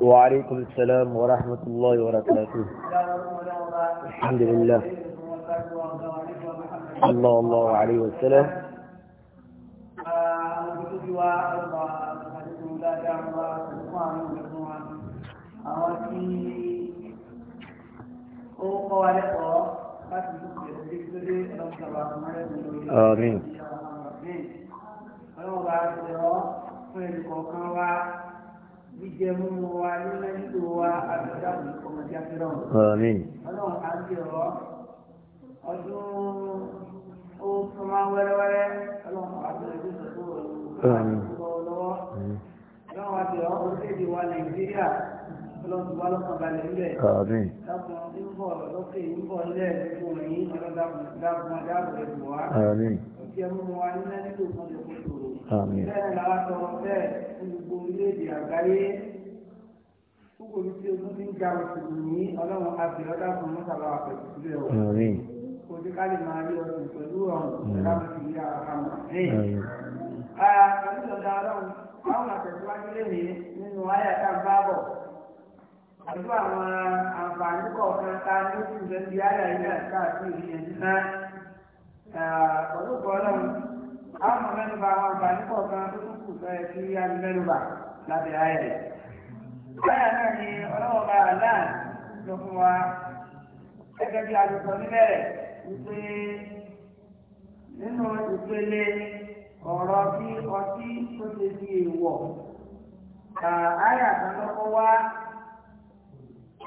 وعليكم السلام ورحمه الله وبركاته الحمد لله صلى الله عليه وسلم ó kọ́ wa lẹ́kọ̀ọ́ láti ìlú ìdílé lọ́sọ̀rọ̀ àwọn mẹ́rin lórí ọlọ́run bá ṣe ọ́ fún ẹnì kọ̀ọ̀kan wa jíjẹ mímu wa nílẹ̀ nílò wa àbẹ̀dáàbò ọmọdé afẹ́ràn. ọlọ́run á ń bẹ̀ ọ́ ọdún ó tún máa ń wẹ́rẹ́wẹ́rẹ́ ọlọ́run á bẹ̀rẹ̀ bí sọ̀tún ọ̀rọ̀ lọ́wọ́ ọ́ orílẹ̀-èdè wa Nàìjíríà lọ́dún wá lọ́kàn balẹ̀ níbẹ̀. àmín. dákun ń bọ̀ lókè ń bọ̀ nílẹ̀ fún mi ọlọ́dàkùn dákun adáàbò ẹ̀bùn wa. àmín. òkè mú wa nílẹ̀ nílò kan lè kó tòrò. àmín. bẹ́ẹ̀ la wá sọ bẹ́ẹ̀ fún gbogbo orílẹ̀-èdè àgbáyé. púpọ̀ mi tí ogun ti ń ga mùsùlùmí ọlọ́run àbẹ̀ ọ̀dàkùn mọ́tàlá àpẹ̀tùsílẹ̀ ọ̀. àmín. kò sí ká lè máa rí ọ̀sùn pẹ̀lú àwọn àtẹ̀síwájú lè ní ah, nínú ayé àtàbábọ̀ pẹ̀lú àwọn àǹfààní kọ̀ọ̀kan ta ní oṣù rẹ̀ bí ara yìí káàkiri ìyẹn náà pẹ̀lú ọlọ́run àwọn ọmọ àwọn àǹfààní kọ̀ọ̀kan tó tún kù sọ sí amẹ́nu bá ayẹ̀ rẹ̀.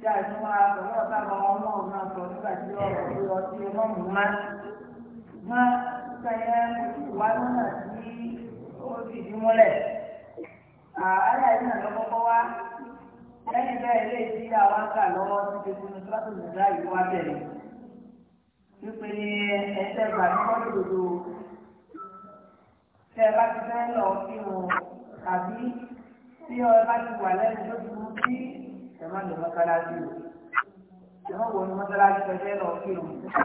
tí a tún máa sọ náà sábà ọlọ́run náà sọ nígbà tí ọ̀rọ̀ pé ọtí ọlọ́run má má sẹ́yẹ wá lọ́nà tí ó sì fi múlẹ̀. àárẹ̀ yìí náà lọ́kọ́kọ́ wá lẹ́yìn bẹ́ẹ̀ lè ti àwọn àgbà lọ́wọ́ tó ti kunu tó bá wá bẹ̀rẹ̀. wípé ẹsẹ̀ gbà ní wọ́n lòdò bá ti fẹ́ lọ kí wọn tàbí tí ọ bá ti wà lẹ́nu tó ti mú sí ẹ má lọ mọ́sálásí o ẹ má wọ ní mọ́sálásí ẹgbẹ́ lọ kí o nígbà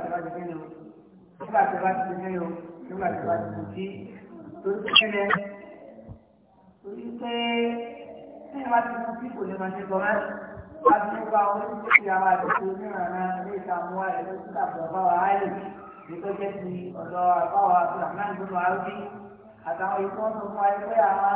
tí wọ́n ti fẹ́ ni o nígbà tí wọ́n ti fẹ́ ni o nígbà tí wọ́n ti kù sí torí pé ẹ torí pé tí ẹ bá ti kú sí kò ní máa ṣe gbọ́n láti wá sí nípa àwọn oníṣẹ́ ti àwọn àdúgbò onírànà ilé ìtààmú wa ẹ̀ lọ́sí àbúrò ti ọ̀dọ̀ àbáwa àbúrò àmì àtàwọn ikú wọn tó fún wa pé àwọn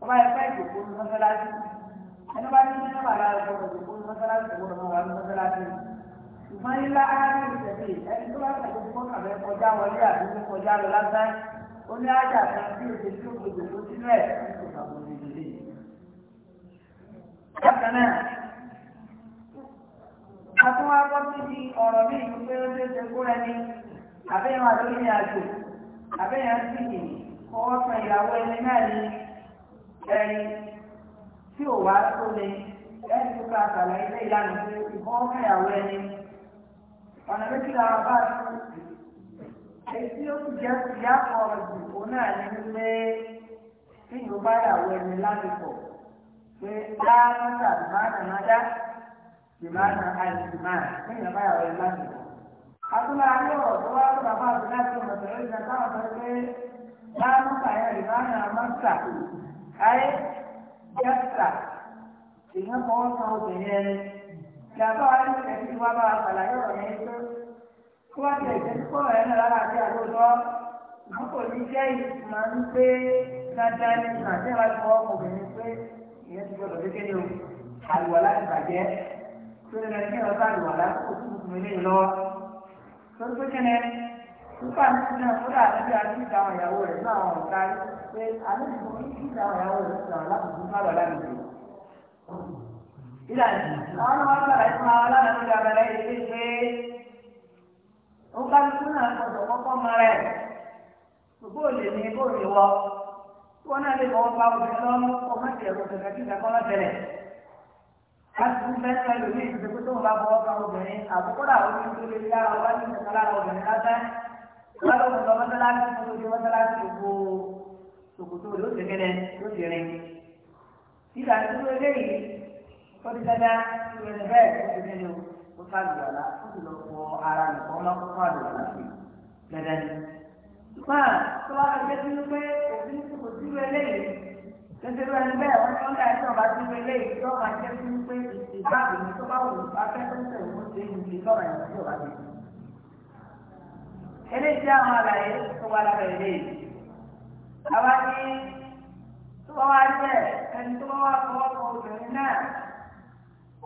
ọba ẹ̀fẹ́ ìjòkó ní mọ́sálásí ẹni bá ní ní nọ́bà lára ọgbọ́n ìjòkó ní mọ́sálásí ọgbọ́n ọmọ wa ní mọ́sálásí ìfọ́n ńlá áárín ìṣẹ̀lẹ̀ ẹni tó bá fẹ̀ tó kọ̀ọ̀bẹ kọjá wọlé àbí tó kọjá lọ lásán ó ní ájà kan tí òṣè tí òkè ìjòkó sínú ẹ̀ kò sàbọ̀ ìdílé. bákan náà a tún wá gbọ́ ọ̀rọ̀ míì ní pé ó ṣe é ṣe kó rẹni àbẹ́yẹn wà lórí ìrìn àjò àbẹ́yẹn sì kọ́ ọ̀sán ìyàwó ẹni náà ní ẹni tí ò wá tó ni ẹni tó ká àtàlẹ́ ilé ìlànà pé ìbọn ẹni ọ̀nà bá èyí ó ti jẹ́ ìyá kan ọ̀dùn òun náà ní pé tí ìlú bá yàwó ẹni lálùpọ̀ pé dáhùnsà ìmáàna máa dá ìmáàna àìsìmáà tí ìlú bá yàwó ẹni ayé ọ̀rọ̀ tó wá lọ́dọ̀ bá àbúrò láti táwọn pé máa ń ayé jásà èèyàn kọ́ san obìnrin ẹni ìyàbọ̀ ayé ìṣẹ̀lẹ̀ tí wọ́n bá wà pàlàyé ọ̀rọ̀ yẹn tó kí wọ́n ti ẹ̀jẹ̀ tí kò rẹ̀ náà àti àlóòtọ́ wọn kò ní jẹ́ ìtumọ̀ ń pé dáadáa ní ìgbà tí wọ́n ti obìnrin pé ìyẹn ti gbọdọ̀ kékeré o àlùwà láti bàjẹ́ tó lè lọ sí ọ̀sán àlùwà láti kó tó nípa nígbà kódà níbi àti ìdáhùn ìyàwó rẹ̀ náà àwọn ọ̀gá rí pé àlejò ní ìdáhùn ìyàwó rẹ̀ sọ̀rọ̀ láti fún bàbá lálejò. ìlànà àwọn ọmọ bàbá yìí máa lánàá lórí abẹ́rẹ́ ilé pé ó bá ní fún àwọn ọ̀dọ̀ kọ́kọ́ mọ rẹ̀ bó lè ní bó lè wọ wọn náà lè fọwọ́ pa obìnrin lọ́nà kọ́ mọ́tì ẹ̀rọ kẹ̀kẹ́ kí ìdákọ́ lọ́tẹ̀lẹ̀ láti fún bẹ́ẹ̀ náà lórí ìdíje pé tóun bá fọwọ́ pa obìnrin àbúkọ́ wọn lọ sọ mọ́sálásí tó ti mọ́sálásí gbogbo tòkòtò ló ti kẹlẹ ló ti rìn nígbà tí ó léyìí ó ti dada ìrẹ̀lẹ̀ bẹ́ẹ̀ ó ti kẹlẹ ó sálùwà lá ó ti lọ fọ ara nìkan ọmọ kókó àlùwà lá dada ni. ṣùgbọ́n tó wá lọ jẹ́ sí pé òfin kò sí ìwé léyìí tètè ló ẹni bẹ́ẹ̀ wọ́n ní wọ́n dáa sí pé ìsìnkáàbù ni tó eléyìí tí àwọn àlàyé tó wà lábẹ́ ilé yìí àwa ní tó bá wá jẹ́ ẹni tó bá wá fọwọ́ kan obìnrin náà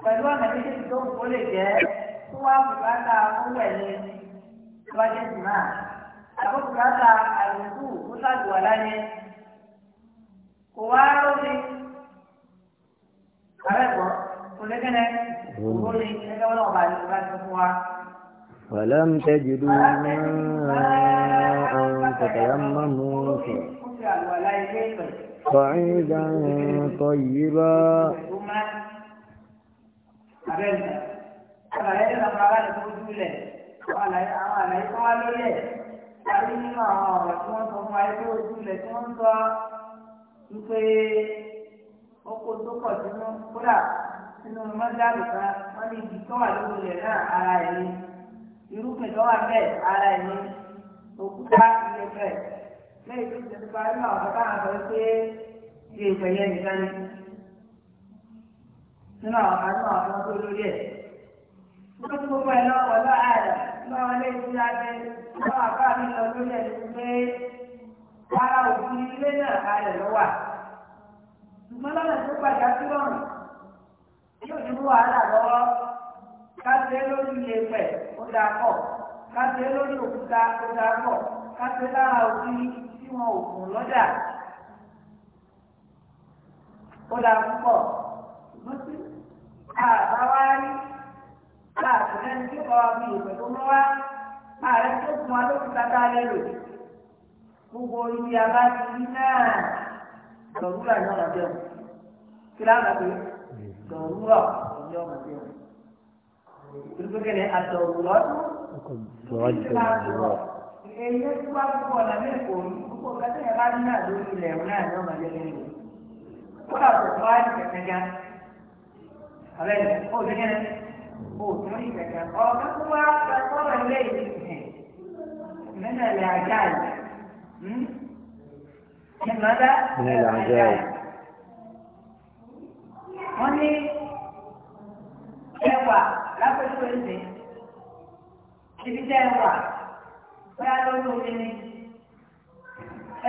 pẹ̀lú ọ̀nà méjèèjì tó kó lè jẹ́ tó wá bùkátà owó ẹ̀yẹ lọ́jọ́ ìgbìmọ̀ àbó bùkátà àlùkù kó sàdùwà láyé kò wá lórí àrẹ́gbọ́n kò lẹ́gẹ́rẹ́ kò lórí ẹgbẹ́ wọn náà bá yọ bá tó fún wa. فلم تجدوا ماء فتيمموا صعيدا طيبا Àrí tó pọ̀ sínú kódà sínú mọ́dálù kan wọ́n ní ibi tó wà lórí ilẹ̀ náà ara ẹ̀ ni. irúgbìn tó wà bẹ́ẹ̀ ara ẹ̀ òkúta ilé bẹ́ẹ̀ lẹ́yìn tó ti pa nínú àwọn bàbá àwọn sọ pé bí ètò ẹ̀yẹ nìkan ni nínú àwọn gbogbo ẹ̀ ilé àbá mi lọ lórí ẹ̀ ní pé ara ilé náà wà. ṣùgbọ́n lọ́nà tó káṣe lórí ilé pẹ̀ ó dáa pọ̀ káṣe lórí òkúta ó dáa pọ̀ káṣe lára òbí tí wọn ò kùn lọ́jà ó dáa púpọ̀ lọ́sí àbáwárí láàbùrẹ́ tí ó bá wà bí ìpè tó mọ́ wá ààrẹ tó fún wa ló fi tata lé lò gbogbo ibi abájí náà dọ̀rúrà náà lọ́jọ́ kí láwọn àgbẹ̀ dọ̀rúrà ọjọ́ ọmọdé wọn. Tuntun ni àtọ̀wọ́ lọ́dún. Èyí tó bá púpọ̀ lábẹ́ ìkò ní púpọ̀ kẹ́tẹ́ yẹn bá ní náà lórí ilẹ̀ ẹ̀rọ náà ní ọmọ ẹgbẹ́ rẹ̀. Kódà kò tó wá ní kẹ̀kẹ́ ga. Àbẹ̀ ní o ti kẹ́rẹ́ o tó ní kẹ̀kẹ́. Ọ̀gá tó wá sọ́rọ̀ ilé yìí hẹ̀. Mẹ́nà lè àjà yìí. Mẹ́nà lè àjà yìí. Wọ́n ní ẹwà lápẹ̀jú ẹ̀sìn ibi tẹ́ ẹ wà bóyá lọ́dún omi ni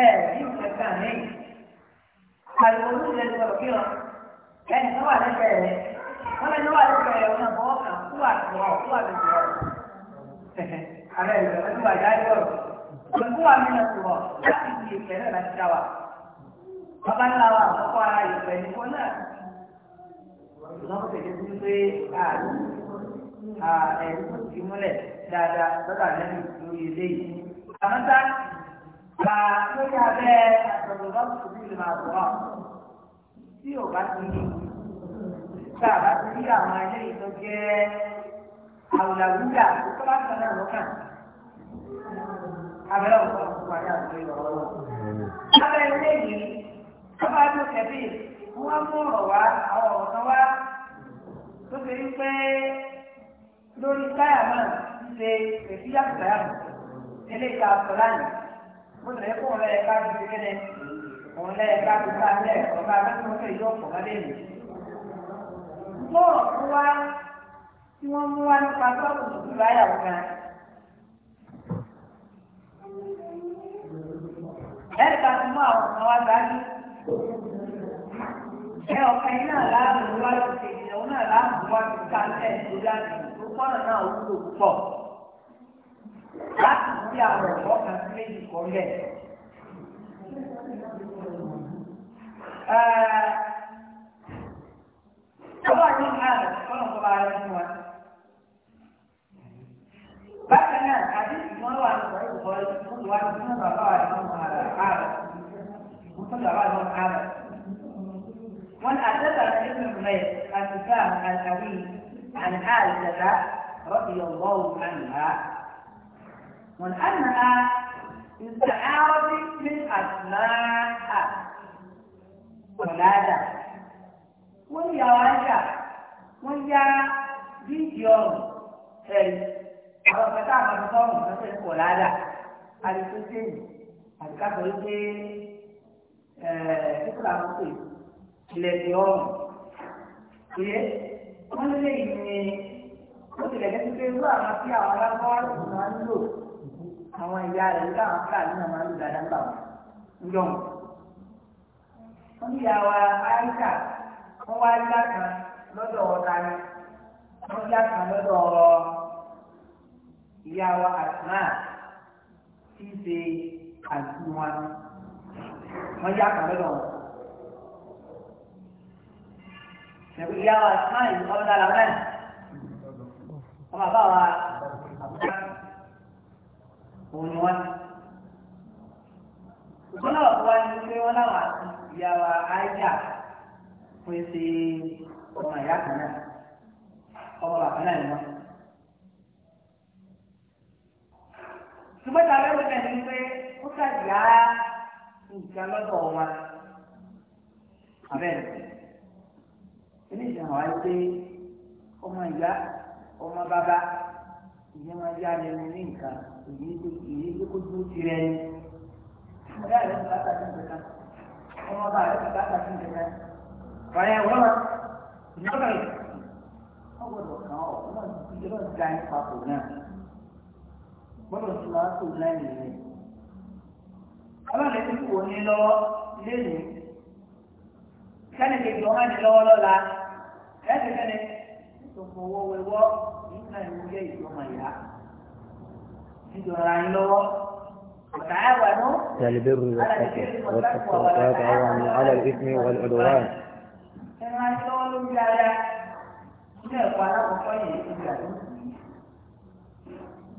ẹ yóò fẹ́ gbà mí. Àlùkò ní ìlẹ̀ ìgbà òkè ọ̀ ẹni tó wà lẹ́gbẹ̀ẹ́ rẹ̀ wọ́n lẹ́nu wà lẹ́gbẹ̀ẹ́ rẹ̀ wọn àbọ̀ ọ̀kà kú àtúwọ̀ kú àtúwọ̀ ààrẹ ìgbà wọn wà dáadé ọ̀rọ̀ kú àmì náà tùwọ̀ láti fi ìfẹ́ náà láti dá wa. Bàbá ńlá wa àkọ́kọ́ ara ìfẹ́ ní kọ́nà. Lọ́wọ́ tẹ̀lé fún pé àlùkò ẹ̀rí tó ti múlẹ̀ dáadáa lọ́dà lẹ́nu lórí ilé yìí. àmọ́ tá a lórí abẹ́ àtọ̀lọ́dọ́ tòbí lè máa bọ̀ ọ́ tí ò bá ti ní tá a bá ti rí àwọn eléyìí tó jẹ́ àwùlàwùlà tó bá sọ náà lọ́kàn. abẹ́rẹ́ òkú wa ní àgbẹ̀ lọ́wọ́. abẹ́ ilé yìí wọ́n bá tó kẹ́bí wọ́n mú ọ̀rọ̀ wá àwọn ọ̀rọ̀ kan wá tó ṣe wípé lórí táyà náà ṣe èsì àgbáyà eléyìí ká sọ lánàá mo tẹ̀lé fún ọ̀rẹ́ ẹ̀ka tó ti kéde òun lẹ́ ẹ̀ka tó ká lẹ́ ọ̀gá akẹ́kọ̀ọ́ ìlú ọ̀pọ̀ lọ́dẹ̀ yìí. bọ́ọ̀ fún wa tí wọ́n mú wa nípa sọ́ọ̀bù tuntun láyà wọn gan. ẹ̀rí ká ti mú àwọn ọ̀sán wa gbájú. ẹ ọ̀kan yìí náà láàbù wá lókè ìyẹ̀wò náà láàbù wá lókè ká tó kọ́nà náà wúlò púpọ̀ láti fi àwọn ọ̀pọ̀ kan sí méjì kan bẹ̀. Ọba ní àná kọ́nà tó bá rẹ̀ fún wa. Bákan náà, àdéhùn wọn wà ní ọ̀rọ̀ ìbọ̀ ìfúnni wa ní fún bàbá wa ní ọmọ àrà àrà. Fún ọmọ ní ni rẹ̀ àti sáà عن عائشة رضي الله عنها وأنها استعارت من أسماء ولادة ويا رجاء ويا بيجيون أي أرى فتاة مرسوم مثل ولادة الكتين الكتين الكتين الكتين الكتين الكتين wọ́n lé ìní ó ti lẹ̀kẹ́ pípé irú àwọn tí àwọn alágbára máa ń lò àwọn ìyá rẹ̀ nígbà wọn fúlàní náà máa ń lò dáadáa nígbà ń yọ̀ wọ́n ní ìyá wa áyíṣà wọ́n wá yá kan lọ́dọ̀ ọ̀tá ni wọ́n yá kan lọ́dọ̀ ìyá wa àtúná tí ń ṣe àdúrà wọn yá kan lọ́dọ̀ wọn. ṣẹ̀kú ìyá wa sáyẹn ọlọ́dà làwọn ọmọ àbá wa. wọn bá ìyẹn máa yá ni ní nǹkan èyí tó kó ti rẹ ni. ọ̀dà rẹ̀ ti bàtà sí nǹkan ọmọ bá ti bàtà sí nǹkan. ọ̀rẹ́ wọn máa ìnáwó rẹ̀ wọ́n gbọ́dọ̀ kàn ọ́ wọ́n ti dá ipa kò náà gbọ́dọ̀ tí wọ́n tó náà nìyẹn. ọlọ́run ti wò ní lọ́wọ́ lẹ́nu kẹ́ni kejì náà ń jẹ́ ìjọmọ ìyá níjọra yín lọ́wọ́ وتعاونوا على البر والتقوى والتقوى ولا تعاونوا على الإثم والعدوان. كما يقول الله ní ẹ̀kọ́ alákọ̀ọ́kọ́ yìí ti gbà tó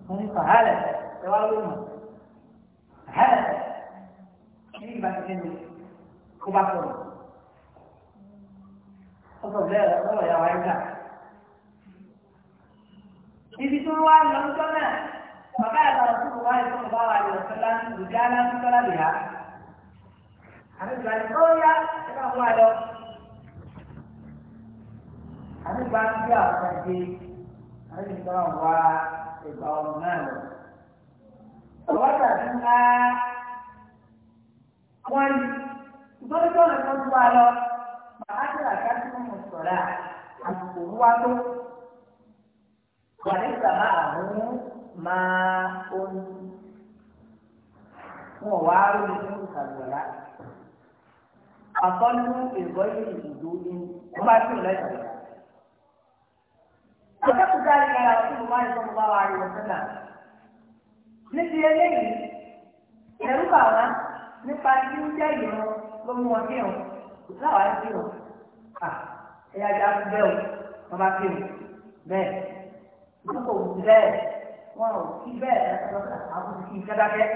wọ́n ní sàhálẹ̀ ẹ wá ló mọ̀ sàhálẹ̀ ní ìgbà tí kí ni kó bá sọ̀rọ̀ ó sọ bẹ́ẹ̀ lọ́wọ́ ìyá wa ń gbà. ibi tí wọ́n wá lọ sọ náà bàbá àgbà ọ̀tún wà ní fún bàbá àgbà ọ̀sọ́lá lùdí aláṣọ́lá lè ha. àbíkú àti ó yá ẹ máa wá lọ. àbíkú àti bí àwọn ọ̀sẹ̀ àbíkú náà wá ìgbà ọ̀run náà lọ. ọ̀wọ́ tàbí ńlá wọ́n gbọ́dọ̀ tó tó ń wá lọ bàbá àti àgbà tó ń sọ̀rọ̀ àbùkù wá tó wàlẹ́sà máa mú máa omi wọn wá lórí fún ìsàlùwàlá àkọ́nú ìgbọ́yé ìdìbò ní wọ́n bá tún lẹ́sà lọ. Àjẹ́kù sáré yára fún mi wáyé fún bá wa rí wọn sílẹ̀. Níbi eléyìí, ẹ̀rú bà wá nípa tí ń jẹ́ ìran ló mú wọn kí wọn. Láwa ń kí wọn. Ẹ̀yà ajá fún bẹ́ẹ̀ o, wọ́n bá kí wọn. Bẹ́ẹ̀ wọn kò sí bẹ́ẹ̀ wọn ò sí bẹ́ẹ̀ ẹ̀rọ àwọn kì í kẹ́dákẹ́.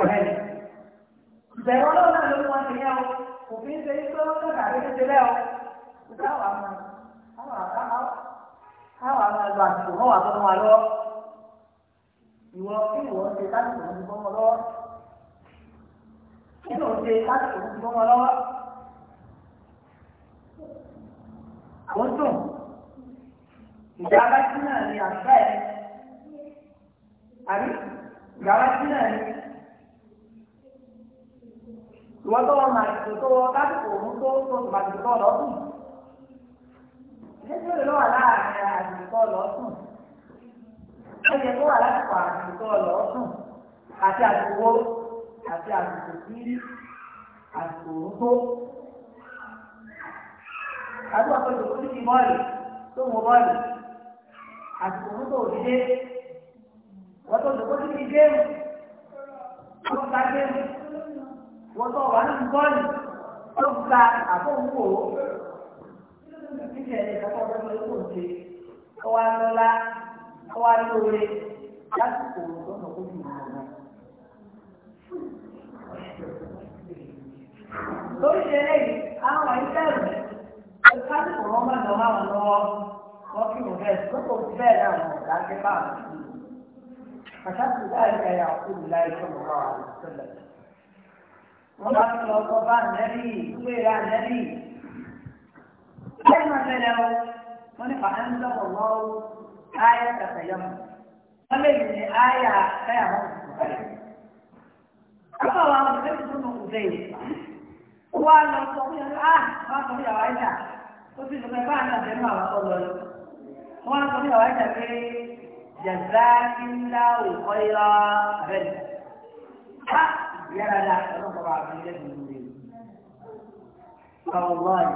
Àbẹ̀lẹ̀ ìbẹ̀rù ọlọ́run náà ló wọn tẹ̀lé ọ òfin ṣe ní pé wọ́n tẹ̀lé àbẹ̀lẹ̀ tẹ̀lé ọ ìgbà wà á máa káwà máa lo àsìkò náà wà tó wọn lọ ìwọ kí ìwọ ṣe lásìkò ní bọ́ wọn lọ́wọ́ kí ìwọ ṣe lásìkò ní bọ́ wọn lọ́wọ́ àwọn dùn ìdábàtí ni àṣà ẹ̀ àbí ni ìwọ́n wọn máa tètè wọn lásìkò òun tó tó tòmátì tó lọ́sùn nítorí ló wà láàrin àdìsí tó lọ́sùn tó wà lásìkò àdìsí tó àti àdìwó àti àdìsí tí àdìsí òun tó àdúrà tó lò bọ́ọ̀lù tó mú bọ́ọ̀lù àsìkò mú tó ṣe wọ́n tó dòkó sí ní géèmù wọ́n ta géèmù wọ́n tó wà ní bọ́ọ̀lù ó ń ta àfọ̀wúwò níṣẹ́ ní kọ́kọ́ ló kò ṣe kó wá lọ́lá kó wá lóore lásìkò tó ń dòkó sí ní lórí ṣe lẹ́yìn àwọn ìṣẹ́rù ìfásitì wọn bá jọ máa wọn lọ́wọ́. وفي مجاز نقل بان عن جماعة فشد ذلك يا رسول الله صلى الله عليه وسلم وقال له طبعا نبي ويلا نبي كما تلو ونفع أنزل الله آية تتيمم ومن آية فيها أما الله يجب أن يزيد هو أن الطبيعة الآن ما طبيعة وإلا وفي الغيبان أن يجمع الله wọ́n á sọ fún ìwádìí pé jẹ̀dá kí ń dá òkọ́ ìlà bẹ́ẹ̀. Ha ìyá dada ọlọ́run bàbá àbí ilé mi ló lè. Sọ̀rọ̀ lọ́ọ̀lì.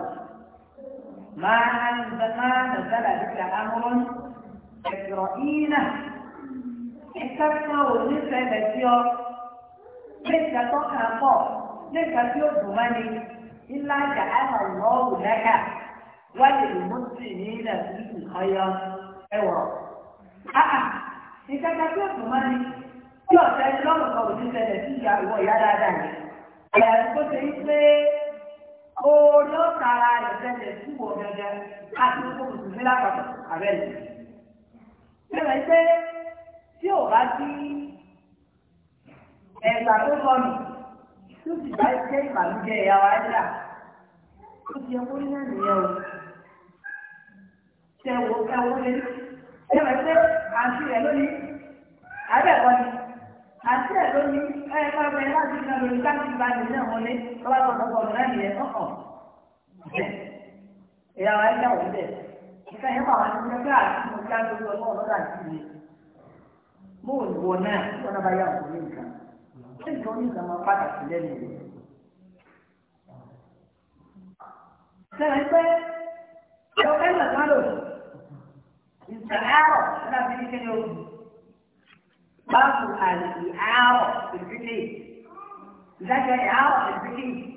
Máa ń bẹ́ẹ̀ máa ń bẹ́ẹ̀ láti fi àmúrún ẹ̀sọ̀rọ̀ ìnà. Ẹ̀ka kan ò ní fẹ́lẹ̀ sí ọ. Lẹ́ka tó kàn pọ̀, lẹ́ka tí ó dùn mọ́ni, ńlá jà á lọ́wọ́ lẹ́ka. wáyé ìmọ̀tì ní ilẹ̀ ìlú ayọ̀ ẹ̀wọ̀. Àà ìkẹta tí òkú máa ní tí ọ̀sẹ̀ tí lọ́rùn kan òní ṣẹlẹ̀ sí ìyá ìwọ̀ ìyá dáadáa yẹn. Àyà tó ṣe ń pé orí ọ̀tá ara rẹ̀ ṣẹlẹ̀ sí ìwọ̀ gẹ́gẹ́ àti kò sì ní lápapọ̀ àbẹ́lẹ̀. Bẹ́ẹ̀ pé tí ò bá sí ẹ̀gbà tó sọnù tó sì bá ṣe ìbànújẹ́ ìyá wa ẹ̀dá. Ó ti ẹkú ní náà o. tẹ wo lé ẹ wẹ pé àǹtí rẹ lónìí ni lónìí ẹ bá bẹ láti ní ọdún láti bá mi náà wọlé lọ́wọ́ tó tọ́kọ̀ ọ̀dọ̀ náà nìyẹn ọ̀họ̀ ìyá wa ẹ̀ dáwọ̀ bẹ̀ ìka yẹn bá wà ní àti mo já lórí ọmọ mo ò wọ náà kí wọn bá yà nǹkan ṣé máa pàtàkì lẹ́nu rẹ̀ sẹ́yìn pé ọ̀kẹ́ الاستعارة أنا في كان يوم برضو الإعارة في الفكر ذاك إعارة في الفكر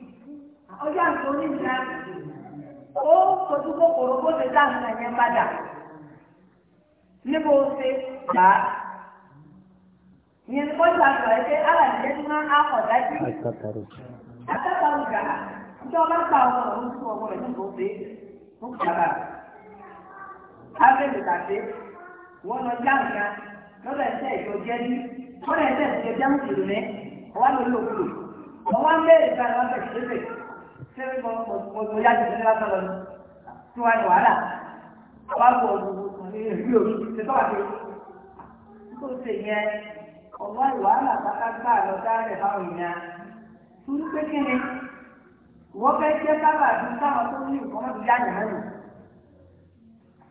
أقول لك تقولي مثلا ó fojú kòkòrò bó ṣe dá nǹkan yẹn padà níbo ábẹ́lì tàbí wọ́n lọ já nǹkan lọ́dọ̀ ẹ̀sẹ̀ ní wọ́n ẹ̀sẹ̀ ọwọ́ ló lò kúrò ọwọ́ ń bẹ̀rẹ̀ ìgbà wọn bẹ̀ ṣẹ́fẹ̀ ṣé mo yá jùlọ nígbà tó lọ tí wọ́n yọ wàhálà ọwọ́ bọ̀ ìrírí òbí ṣe tọ́wà dé tó ṣe yẹn ọwọ́ ìwàhálà pátá gbà lọ dáre fáwọn èèyàn tún pé kíni wọ́n fẹ́ jẹ́ sábà dùn sáwọn tó ní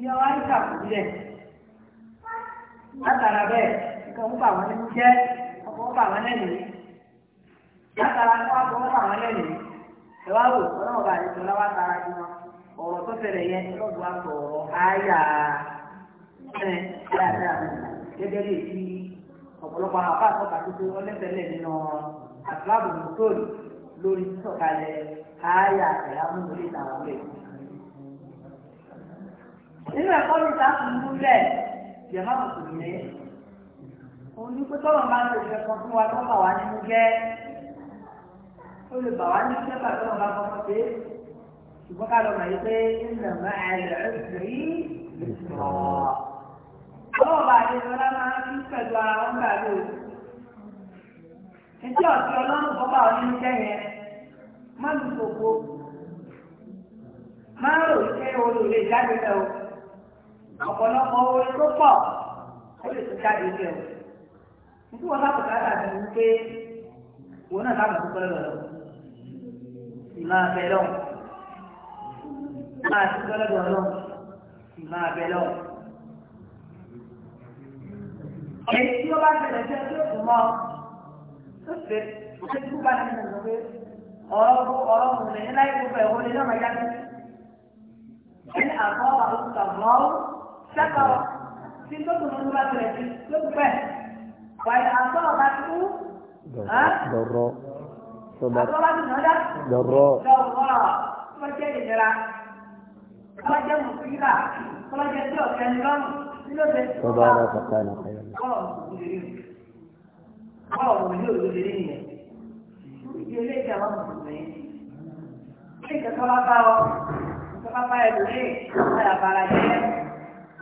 ní ọwọ́ àìsà kò sílẹ̀ látara bẹ́ẹ̀ nǹkan ń bà wọ́n nínú jẹ́ ọkọ̀ ń bà wọ́n lẹ́yìn látara kó ọkọ̀ ń bà wọ́n lẹ́yìn ẹ wá wò ọlọ́wọ́ bá àlejò láwá tara ju wọn ọ̀rọ̀ tó fẹ̀rẹ̀ yẹn lọ́dún àpò ọ̀rọ̀ ayà ẹ̀ dáadáa gẹ́gẹ́ bí èyí ọ̀pọ̀lọpọ̀ àwọn afá àtọ́ka tuntun ọlẹ́sẹ̀lẹ̀ nínú àtúláàbò mùsùlùmí lórí sísọ̀kalẹ̀ ayà ẹ̀yà múlùmí làwọn ọ̀rẹ́ nínú ẹ̀kọ́ ló ta fún múlẹ̀ yẹ̀má mùsùlùmí òun ní pé tọ́wọ́ máa ń lo ìfẹ́ kan fún wa tó bà wá nínú jẹ́ ó lè bà wá ní sẹ́fà tó wọn bá kọ́kọ́ pé ṣùgbọ́n ká lọ mọ̀ yí pé nínú ẹ̀mọ́ ẹ̀rẹ̀ ẹ̀sìn yìí lè sọ̀rọ̀ ọlọ́wọ́ bá àdé lọ́lá máa ń pẹ̀lú ara wọn gbà lò ẹjọ́ ọ̀sẹ̀ ọlọ́run kọ́ bà wá nínú jẹ́ yẹn má lù kòkó má rò wípé olùlé jáde lẹ́wọ̀ ọ̀pọ̀lọpọ̀ orí tó pọ̀ ó lè tó jáde ilé o nítorí wọn láti ká dàbí wípé wọn náà láti tó pẹ́ lọ́dọ̀ ìmọ̀ abẹ́ lọ máa ti pẹ́ lọ́dọ̀ ìmọ̀ abẹ́ lọ. èyí tí ó bá tẹ̀lé jẹ́ tí ó kù mọ́ tó fẹ́ ó kú bá ti nà lọ pé ọ̀rọ̀ ọ̀rọ̀ kùnrin láì gbogbo ẹ̀wọ́ ni lọ́mọ yá ní. ẹni àkọ́ àwọn ọ̀sán mọ́ ṣẹ́kọ̀ọ́ tí tó tún lọ́dún bá tẹ̀lé sí tó tún pẹ̀. Wàyí àtọ́rọ̀ bá ti kú. Dọ̀rọ̀. Àtọ́rọ̀ bá ti nà dá. Dọ̀rọ̀. Dọ̀rọ̀. Kọ́ jẹ́ ìnira. Kọ́ jẹ́ mùsùlùmí. Kọ́ jẹ́ tí ọ̀fẹ́ ní lọ́rùn. Tọ́ba ara kàkà ní ọ̀fẹ́ yẹn. Kọ́ọ̀ mú ní òdodo ní ìyẹn. Ìdílé ìjàmbá mùsùlùmí. Ilé ìjọba bá ọ. Ìjọba bá ẹ lórí. Àyàbára jẹ́.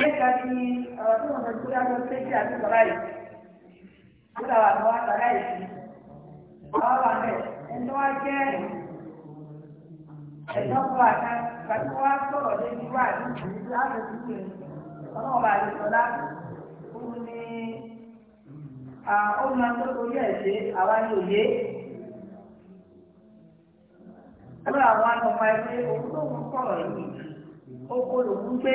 Nípa ti ọ̀rọ̀ tó wọ́n ti gbúdá lọ sí ìṣe àti bàbá yìí. Nípa wà lọ́wọ́ bàbá yìí sí. Àwọn wà bẹ̀ ẹ̀tọ́ wá jẹ́ ẹ̀tọ́ kọ́ àká. Bàbá wa sọ̀rọ̀ lé ní wà ní ìlú àgbẹ̀tí pé ọlọ́wọ́ bá lè sọ láti. Òun ni ó máa ń tó orí ẹ̀ ṣe àwa ní òye. Ó lọ àwọn àtọ̀mọ́ ẹgbẹ́ òun tó ń sọ̀rọ̀ yìí. Ó kó lòún gbé.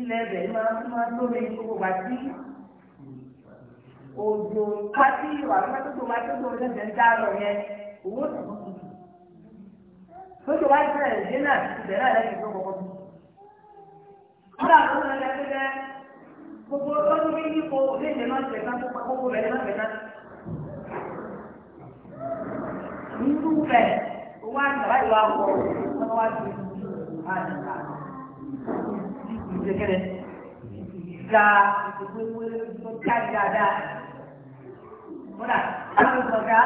ilẹ̀ ẹ̀bẹ̀ máa ń máa lómi gbogbo wa sí òjò pátí ìwà gbàgbọ́dọ̀ wa tó gbòòrò lẹ́sẹ̀ ń dá lọ yẹn owó tó kọ́ tuntun. lójú wa jẹ́ ẹ̀jẹ̀ náà ibẹ̀ náà lẹ́yìn tó kọ́kọ́ tuntun. kódà tó ń lọ ẹgbẹ́ gbogbo ọdún bí yípo léèdè máa ń tẹ̀ ká kópa gbogbo rẹ̀ máa ń tẹ̀ ká. nínú bẹ̀ owó àgbà ìwà ọkọ̀ ọ̀nà wa ti àdìgbà ìjẹkẹrẹ ìgbà ìgbòho tó káyì dáadáa kódà àwọn ìgbọ̀gá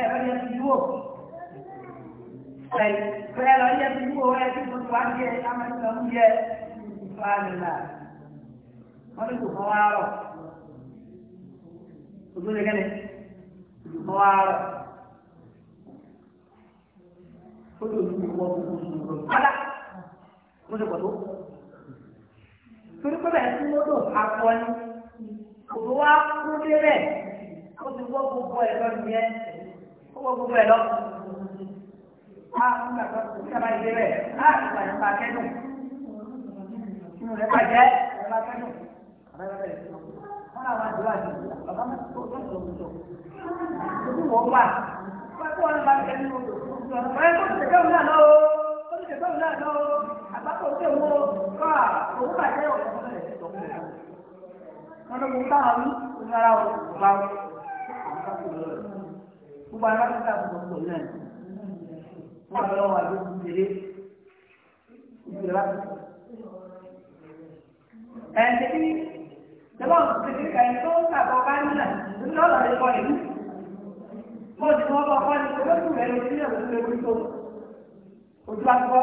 ẹ̀rọ yẹn ti wò ẹ̀rọ ẹ̀rọ yẹn tí mo wá jẹ amẹ́sàn ń yẹ ìfọ̀ àlùlà wọ́n ní kò fọ́ wá rọ̀ ojú ìjẹkẹrẹ ìfọ̀ wá rọ̀ ó lè ní ìwọ gbogbo ìṣòro padà ó ṣe pọ̀ tó torí pé bẹ́ẹ̀ tí mọ́tò akọni kò tó wá kú débẹ̀ ó ti wọ́ gbogbo ẹ̀ lọ nìyẹn ó wọ́ gbogbo ẹ̀ lọ. a nígbà tó kò sábà débẹ̀ a ìgbà yẹn bá kẹ́dùn inú rẹ̀ bàjẹ́ ẹ̀ bá kẹ́dùn wọ́n náà wá dúró àti bàbá mi tó tó tó tó ojú wọ́n wà wọ́n tó wọn bá kẹ́dùn ọ̀rẹ́ tó ti tẹ̀kẹ́ òun náà lọ́wọ́ tó ti tẹ̀kẹ́ òun náà lọ́wọ́ àgbákò tẹ̀ wọ́ káà òun bàjẹ́ wọn ló mú táwọn ní ìnara ọ̀gá wọn gbogbo ara ti dáàbò bò pọ̀ náà wọn lọ wà ló ń tẹ̀lé ìgbèrè wá sí. ẹ̀ẹ́dẹ̀ bí ìjọba òṣèlú ẹ̀yìn tó ń sàbọ̀ bá nílà nínú ọ̀rọ̀ rẹ̀ kọ́ ìlú mo ti mọ́ ọkọ̀ ní owó tó rẹ̀ lórí ẹ̀rọ tó lè wí tó ojú àgbọ̀.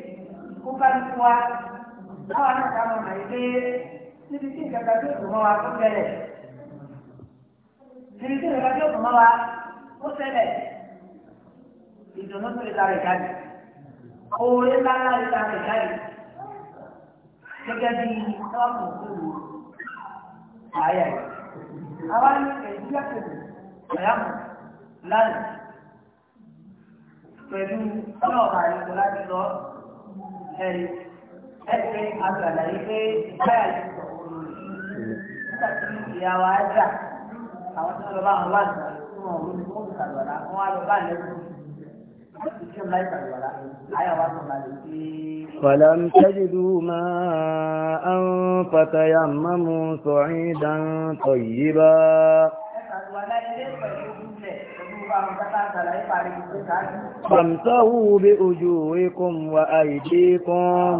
kó bá ti wá báwa náà ká máa yí pé níbi tí ìjọba tó dùn mọ́ wa tó bẹ̀rẹ̀ níbi tí ìjọba tó dùn mọ́ wa tó bẹ̀rẹ̀ ìdùnnú tó lè tara ìjáde oore ńláńlá lè tara ìjáde gẹ́gẹ́ bí ọ̀pọ̀ òkúrú ààyè àwọn ẹ̀jú àkókò ọ̀yàmù lánàá pẹ̀lú ọlọ́ọ̀bà àyẹ̀kọ́ láti lọ́ọ́ ẹ̀rí ẹ̀sìn àgbàlá yìí pé báyà lè sọ òun lòdì nígbà àwọn tí lọ bá wọn wá gbà tí wọ́n wọ́n ní wọ́n sàlùwàlá wọ́n lọ bá lẹ́kọ̀ọ́ فلم تجدوا ماء فتيمموا صعيدا طيبا Fàmsáwù bí ojú ikùn wa àìdí kan.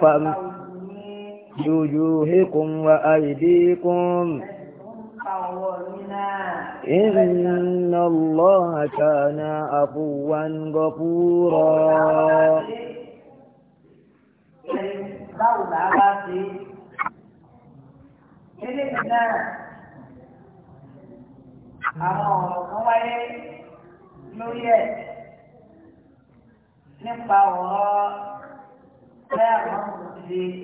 Fàmsáwù ojú ikùn wa àìdí kan. إن الله كان عفوا غفورا. Báwo làá bá ṣe eléyìí náà àwọn ọ̀rọ̀ kan wáyé lórí ẹ̀ nípa ọ̀rọ̀ bẹ́ẹ̀ àwọn òṣèré ọ̀gbìn.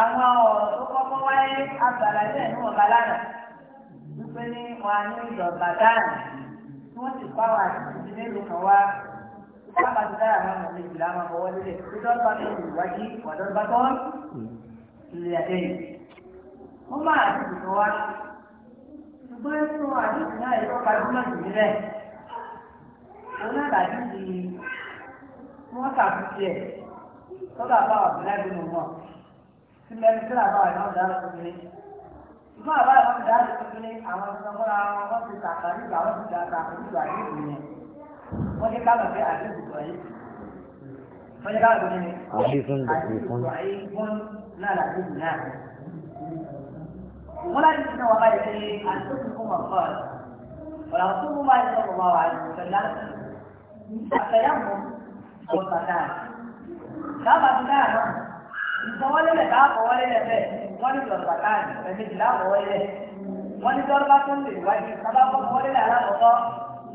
àwọn ọ̀rọ̀ tó kọ́kọ́ wáyé agbàlagbẹ̀ ní ọ̀gá lára wípé ní wọn ní ìjọba dáhùn tí wọ́n ti pa wà ní ìdílé lókàn wá kama tunayaona Muislamu ambao wote kudorbatun waji wa dorbatun liyadaini wọ́n máa ti dùn wá ṣùgbọ́n nínú àdúgbò náà yóò parí mọ́tò nílẹ̀ wọn náà dàbí di wọ́n ṣàkóso ẹ̀ tọ́lá bá wà bí láti mọ̀ mọ́ tí mẹ́rin tí làbá wà náà dára fún mi ṣùgbọ́n àbá àwọn dára fún mi àwọn ọmọ ọmọ wọn ti tàkà nígbà wọn ti tàkà nígbà yóò yẹn wọ́n jẹ́ ká lọ sí àdéhùn wọ́n jẹ́ ká lọ sí àdéhùn tó ayé wọ́n náà làdéhùn náà wọ́n láti fi náà wà báyìí pé àdéhùn kò mọ̀ fọ́ ọ̀rọ̀ tó mú máa wà ní ìfẹ̀lá àfẹ̀yàmọ́ ọ̀tà náà dábàá ti náà náà ìfọwọ́lélẹ̀ ká bẹ́ẹ̀ wọ́n ní lọ́tà náà ẹ̀mí jìlá fọwọ́lélẹ̀ wọ́n ní dọ́rọ́bá tó ń lè wáyé sábà fọwọ́lélẹ̀ alákọ̀ọ́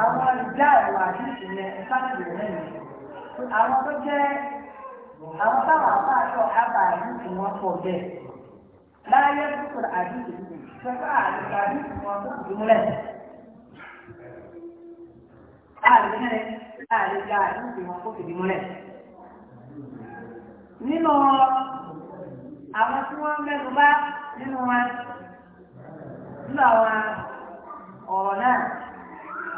àwọn ìjà ẹ̀rọ àdìsí yẹn sáàtì àwọn tó jẹ́ àwọn táwọn àbáṣọ àbá àdìsí wọn pọ̀ bẹ́ẹ̀ láyé tó àdìsí pẹ̀lú àdìsí àdìsí wọn tó kù múlẹ̀. Àdìsí àdìsí àdìsí wọn tó kù múlẹ̀. Nínú àwọn tí wọ́n mẹ́nu bá nínú wọn nínú àwọn ọ̀rọ̀ náà.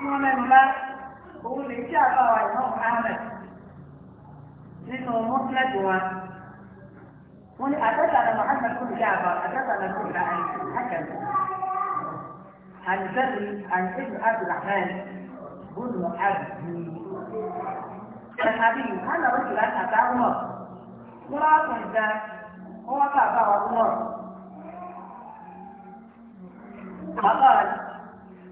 tí wọ́n mẹ́nu òun lè tí àbá wa ìmọ̀ Muhammad nínú mọ́sílẹ̀tì wa. Wọ́n ní àtẹ́tà na kò ní àbá àtẹ́tà kò ní àkàn. Àdìsẹ́lì àdìsẹ́lì Abdulrahman bùnú àbí. Àbí hànà ó ti láti àtà Wọ́n á kàn já wọ́n wá bàbá wa mọ̀.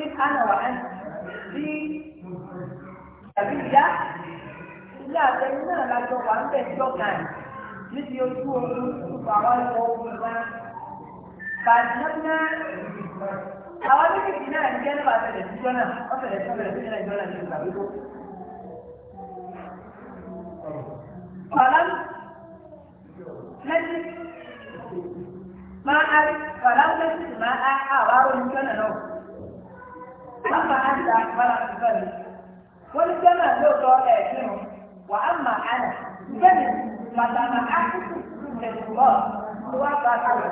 أقسم أنا وأنت بسبيليا ilé àtẹnu náà la jọ wà níbẹ̀ tí ọ̀gá ẹ̀ níbi ojú ooru nípa àwọn ìwọ ogun wa bàjẹ́nà àwọn méjèèjì náà ń gẹ́ nípa àtẹ̀lẹ̀ síjọ́ náà wọ́n fẹ̀lẹ̀ sí ọ̀bẹ̀rẹ̀ sí ìjọ́ náà ní ìgbà gbogbo. Fàlám lẹ́sí máa á fàlám lẹ́sí máa á àwọn arúgbó náà náà. àmà àǹtà àkùbárà tùfẹ́ mi wọ́n ní sẹ́mà n'ụtọ ẹ̀ kírun wà á mà ànà tùfẹ́ mi màtà mà n'ụtọ kúkú ẹ̀sùn bọ́ tó wá bá a lọ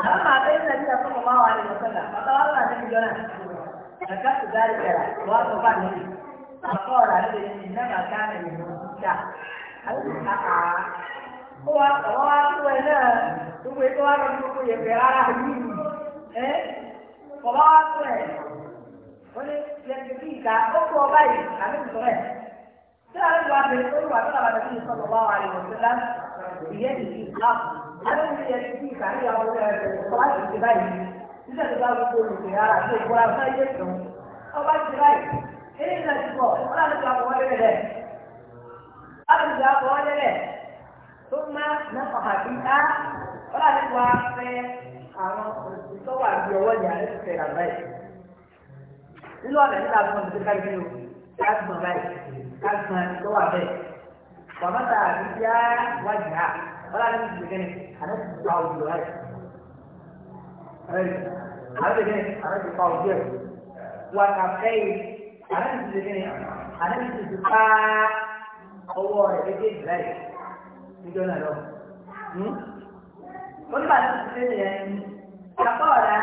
أما بين النبي صلى الله عليه وسلم فتولى النبي جناه ذكرت ذلك له وأرضى النبي فقال النبي إنما كان من مكة ó wá ọ̀rọ̀ wá tó ẹ náà gbogbo ètò wá lọ́dún gbogbo yẹ̀pẹ̀ ara yìí ẹ ọ̀rọ̀ wá tó ẹ ó ní yẹ̀pẹ̀ bí ìka ó kú ọba yìí àbí ìtọ́ ẹ̀ tí alẹ́bí yẹn ti kí ìkàlẹ́ àwọn ọmọ rẹ̀ tó bá ti ti báyìí nígbà tó bá gbogbo olùkè ara àti ìbò àwọn ayé tó ọba ti báyìí eré ìlànà ti bọ̀ wọ́n láti gba àwọn ọmọdé rẹ̀ láti gba àwọn ọmọdé rẹ̀ tó má náà àbí á wọ́n láti gba fẹ́ àwọn òṣìṣẹ́ wà ní ọwọ́ ní alẹ́ tẹ̀ rà báyìí nínú ọ̀nà nígbà tó wọn ti ká ìlú láti mọ̀ báyìí láti mọ̀ tó wà bẹ́ẹ̀ wàmọ́ta àbí ولا على نفس الجنة هنفس التعود بالغاية هنفس الجنة هنفس التعود بالغاية وكفيت هنفس الجنة هنفس الدفاع هو رجل بالغاية بدون لهم قلت بعد نفس الجنة فقال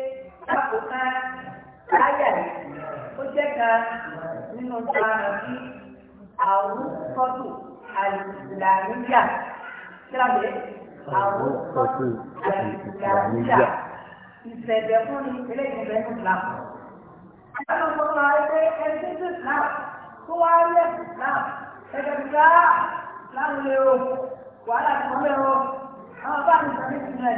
àkókò ayà yìí ó jẹ́ kan nínú sáà sí àwọn kọ́tù àìsìlámíyà kíláàbẹ̀ àwọn kọ́tù àìsìlámíyà ìṣẹ̀lẹ̀ fún ni eléyìí bẹ́ẹ̀ ní ìlà. Àwọn ọmọ ọmọ ẹgbẹ́ ẹgbẹ́ tó ìlà tó wá rí ẹ̀sìn ìlà ẹgbẹ́ tó dá láwọn lè o wàhálà tó lè o àwọn bá mi sọ ní ìsinmi ẹ̀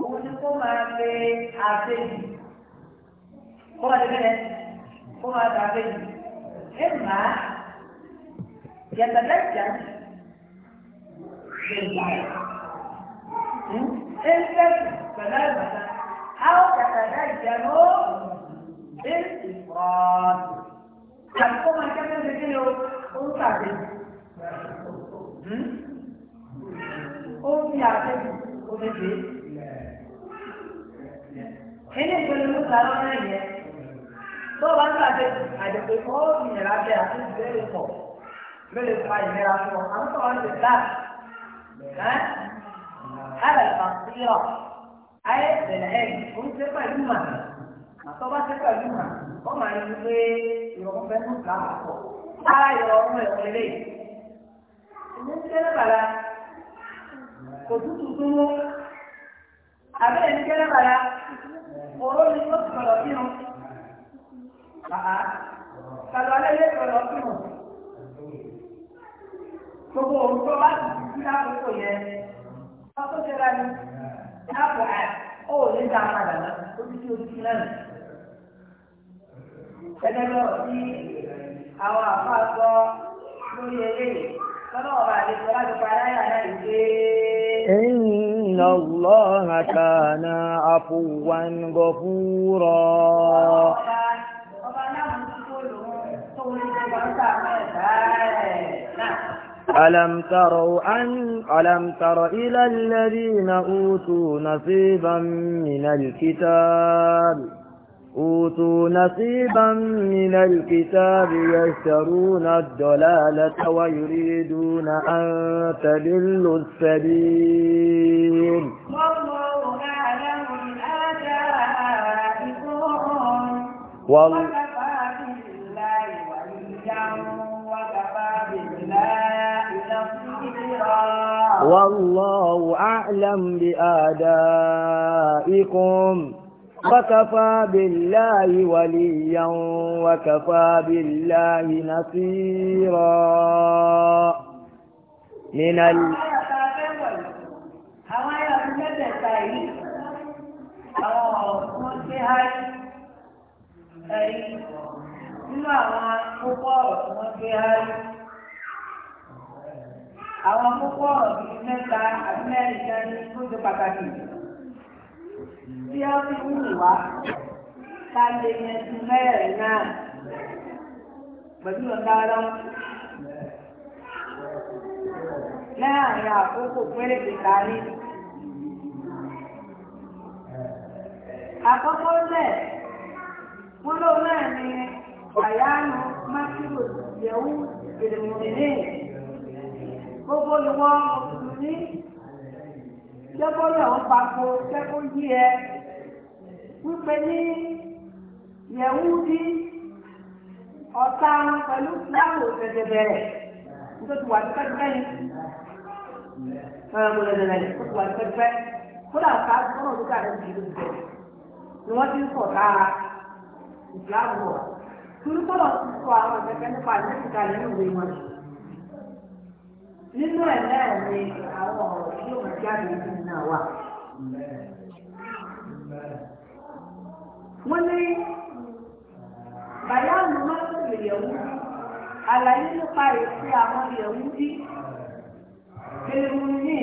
òun ni kó máa pe àbẹ́yì kó máa tẹ́lẹ̀ kó máa pe àbẹ́yì ẹ má yàtọ̀ lẹ́jà gbẹ̀gbà hmm? ẹ ń fẹ́ pẹ̀lú àgbàdo àwọn yàtọ̀ lẹ́jà ló dé ìfọ̀ọ́n àti kó máa tẹ́lẹ̀ ṣe kí ni o ó ń pàdé hmm? ó ń fi àbẹ́yì ó fi dé ilé ìgbẹ́lẹ̀ ló ta lọ́rọ̀ yẹn tó o bá ń gbàgbé àjẹpẹ́ kọ́ ìnira bẹ́ẹ̀ àti ìbéèrè pọ̀ lórí ìpa ìnira fún ọ àwọn tó wọn ti dá ẹ́ alẹ́ ìfàsíyọ̀ ayé ìbẹ̀rẹ̀ ẹ̀ kò ń ṣe pẹ̀lú mà àtọ́ bá ṣe pẹ̀lú mà wọ́n máa ń gbé ìrọ̀rùn bẹ́ẹ̀ tó ta àpọ̀ ara ìrọ̀rùn ẹ̀ pẹ̀lẹ́ ìlú ń kẹ́lẹ́ kò tútù tó àbẹ́rẹ́ ń kẹ́lẹ́ bàrà. òró ni tó ti gbọdọ̀ kírun àhá kàlọ́ alẹ́ lè gbọdọ̀ kírun gbogbo òrùkọ bá ti ti sí lákòókò yẹn wọ́n tó ṣe láti lápò ẹ̀ ó ò ní dáa padà náà ó ti ti o ti lẹ́nu. gẹ́gẹ́ bí ọ̀rọ̀ tí àwọn àfa gbọ́ lórí eléyìí lọ́dọ̀ náà الله كان عفوا غفورا ألم تروا أن ألم تر إلى الذين أوتوا نصيبا من الكتاب أوتوا نصيبا من الكتاب يشترون الضلالة ويريدون أن تدلوا السبيل والله أعلم بآدائكم وكفى بالله وليا وكفى بالله نصيرا والله أعلم بآبائكم وكفى بالله وليا وكفى بالله نصيرا من ال àwọn púpọ̀ ọ̀rọ̀ bíi mẹ́ta àti mẹ́rin kan ní tó ṣe pàtàkì tí ó fi ń wá ká lè yẹn ti mẹ́rin náà pẹ̀lú ọ̀dára láàrin àkókò péréte kárí. Àkọ́kọ́ lẹ̀ wọ́n ló náà ní àyánu Mákìlò Yẹ̀wú Ìrìnmùnìní. Gbogbo ìwọ Mùsùlùmí, jẹ́kọ́ lọ́wọ́ papọ̀ jẹ́kọ́ yí ẹ wípé ní yẹ̀wúdí ọ̀tá pẹ̀lú láàrú òṣèlè bẹ̀rẹ̀ tó ti wà tipẹ́tipẹ́ yìí ẹ̀rọ lẹ́lẹ́lẹ́ tó ti wà tipẹ́tipẹ́ kódà ká gbọ́nà tó ká lẹ́nu ìlú bẹ̀rẹ̀ ni wọ́n ti ń sọ̀ dára ìsìláàmù ọ̀ torí kọ́lọ̀ ti sọ àwọn ìfẹ́fẹ́ nípa ìlẹ́sìnká nínú ìwé wọn nínú ẹ̀ náà ni àwọn ọ̀rọ̀ tí yóò máa jáde nínú náà wọ́n ní bàyáàmù mọ́tò ìyẹ̀wù àlàyé nípa èsì àwọn ìyẹ̀wù bí èrò yìí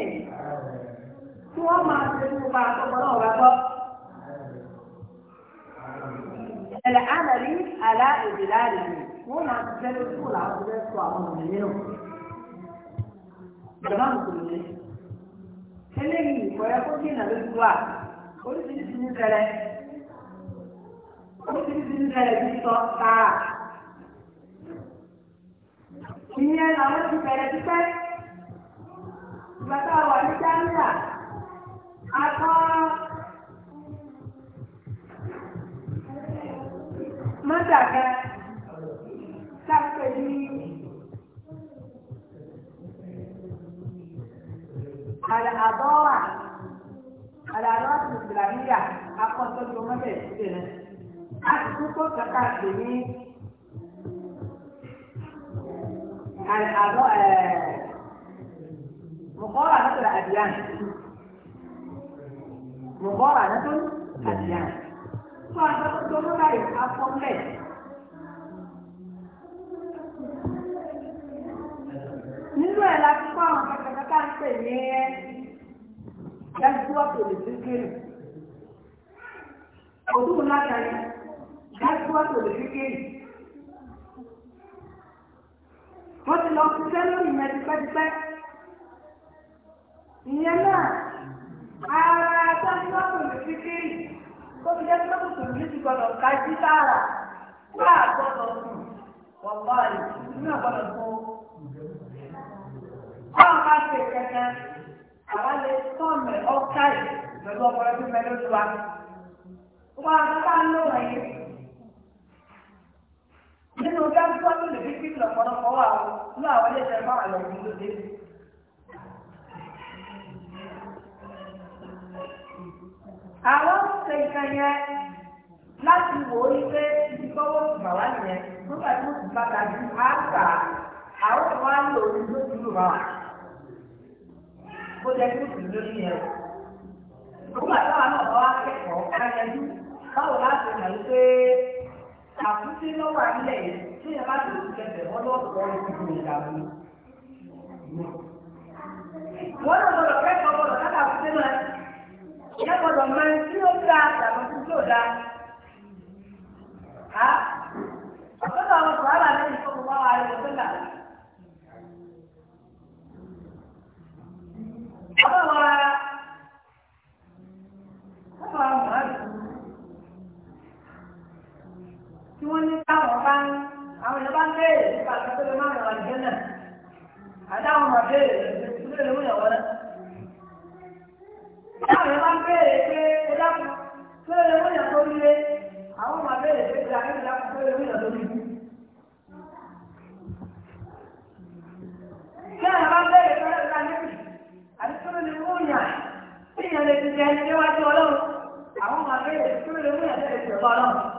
tí wọ́n máa ṣe nípa àtọ́gbọ́n náà wá gbọ́. Ẹ̀lẹ́ ànàlí àlá èdè láàrin wọ́n máa ti fẹ́ lójú làwọn fẹ́ sọ àwọn òmìnira. Ìjọba mùsùlùmí. Eléyìí ìkọ̀yẹ́ kó dínà lójú wa. Oríṣiríṣi ní bẹ̀rẹ̀ oríṣiríṣi ìyẹn làwọn ti bẹ̀rẹ̀ pípẹ́ ìgbà wà ní Jámíà a kọ́ mọ́tà kan kàkà pè ní àbọ̀ mùkọ́rọ̀ àtúntò àdìyàn mùkọ́rọ̀ àtúntò àdìyàn tó àtúntò tó ló láyé afọ́nlẹ̀. nínú ẹ̀ la kọ́ àwọn kàkàkàkà ń pè ní yàtúwà kò lè dúkìrì òdùnkún láti àyè. lọ ṣiṣẹ́ lórí yẹn tipẹ́tipẹ́. ìyẹn náà ara sáńtọ́pù ìfikiri tó fi jẹ́ sáńtọ́pù tó ní ti gbọdọ̀ ká sí sára kó àgbọ̀dọ̀ sùn wọ̀pọ̀ àyè nínú àgbọ̀dọ̀ tó. báwo bá ṣe kẹkẹ àwa lè tọ́ọ̀mù ọ̀ká yìí pẹ̀lú ọkọ̀ rẹ̀ fún mẹ́lẹ́dúwa. wọ́n á bá ń lò wọ̀nyí nínú gáàsíwá tó lè fi kí lọ́pọ̀lọpọ̀ wà láwọn ilé ìṣẹ̀lẹ̀ máa lọ sí lóde. àwọn ṣe nǹkan yẹn láti wò ó ní pé ibi tọ́wọ́ sì bà nìyẹn nígbà tí wọ́n sì bá ga ju àgbà àwọn kan wá lò ó ló ti lò wá. ó jẹ́ kí ó sì lórí yẹn. nígbà táwọn náà bá wá kẹ́kọ̀ọ́ ká báwo láti mọ̀ ní àtúntí lọ́wọ́ àlẹ́ yìí tí ẹ bá lè fi kẹsẹ̀ wọ́n lọ́sọ̀ọ́ ìdìbò ìdààmú. wọ́n lọ gbọ́dọ̀ kẹ́kọ̀ọ́ gbọ́dọ̀ káta àtúntí náà ìyá gbọ́dọ̀ máa tí ó dáa tí ó dáa. a ọ̀sọ́dọ̀ àwọn tí wọ́n ní káwọn bá ń àwọn èèyàn bá ń béèrè nípa àtúntò máa ń lọ àdìgẹ́ náà àdáwọn ọmọ béèrè ìdílé ló ń yàn wọ́n náà. táwọn èèyàn bá ń béèrè pé ó dákun tó lè wọ́n yàn tó líle àwọn ọmọ béèrè pé kí akéwì dákun tó lè wọ́n yàn tó líle. tí àwọn bá ń béèrè pé ó dákun àti tó lè wọ́n yàn tí ìyàn lè ti jẹ ẹni déwájú ọlọ́run àwọn ọmọ béèrè tó lè wọ́n yàn tó lè ti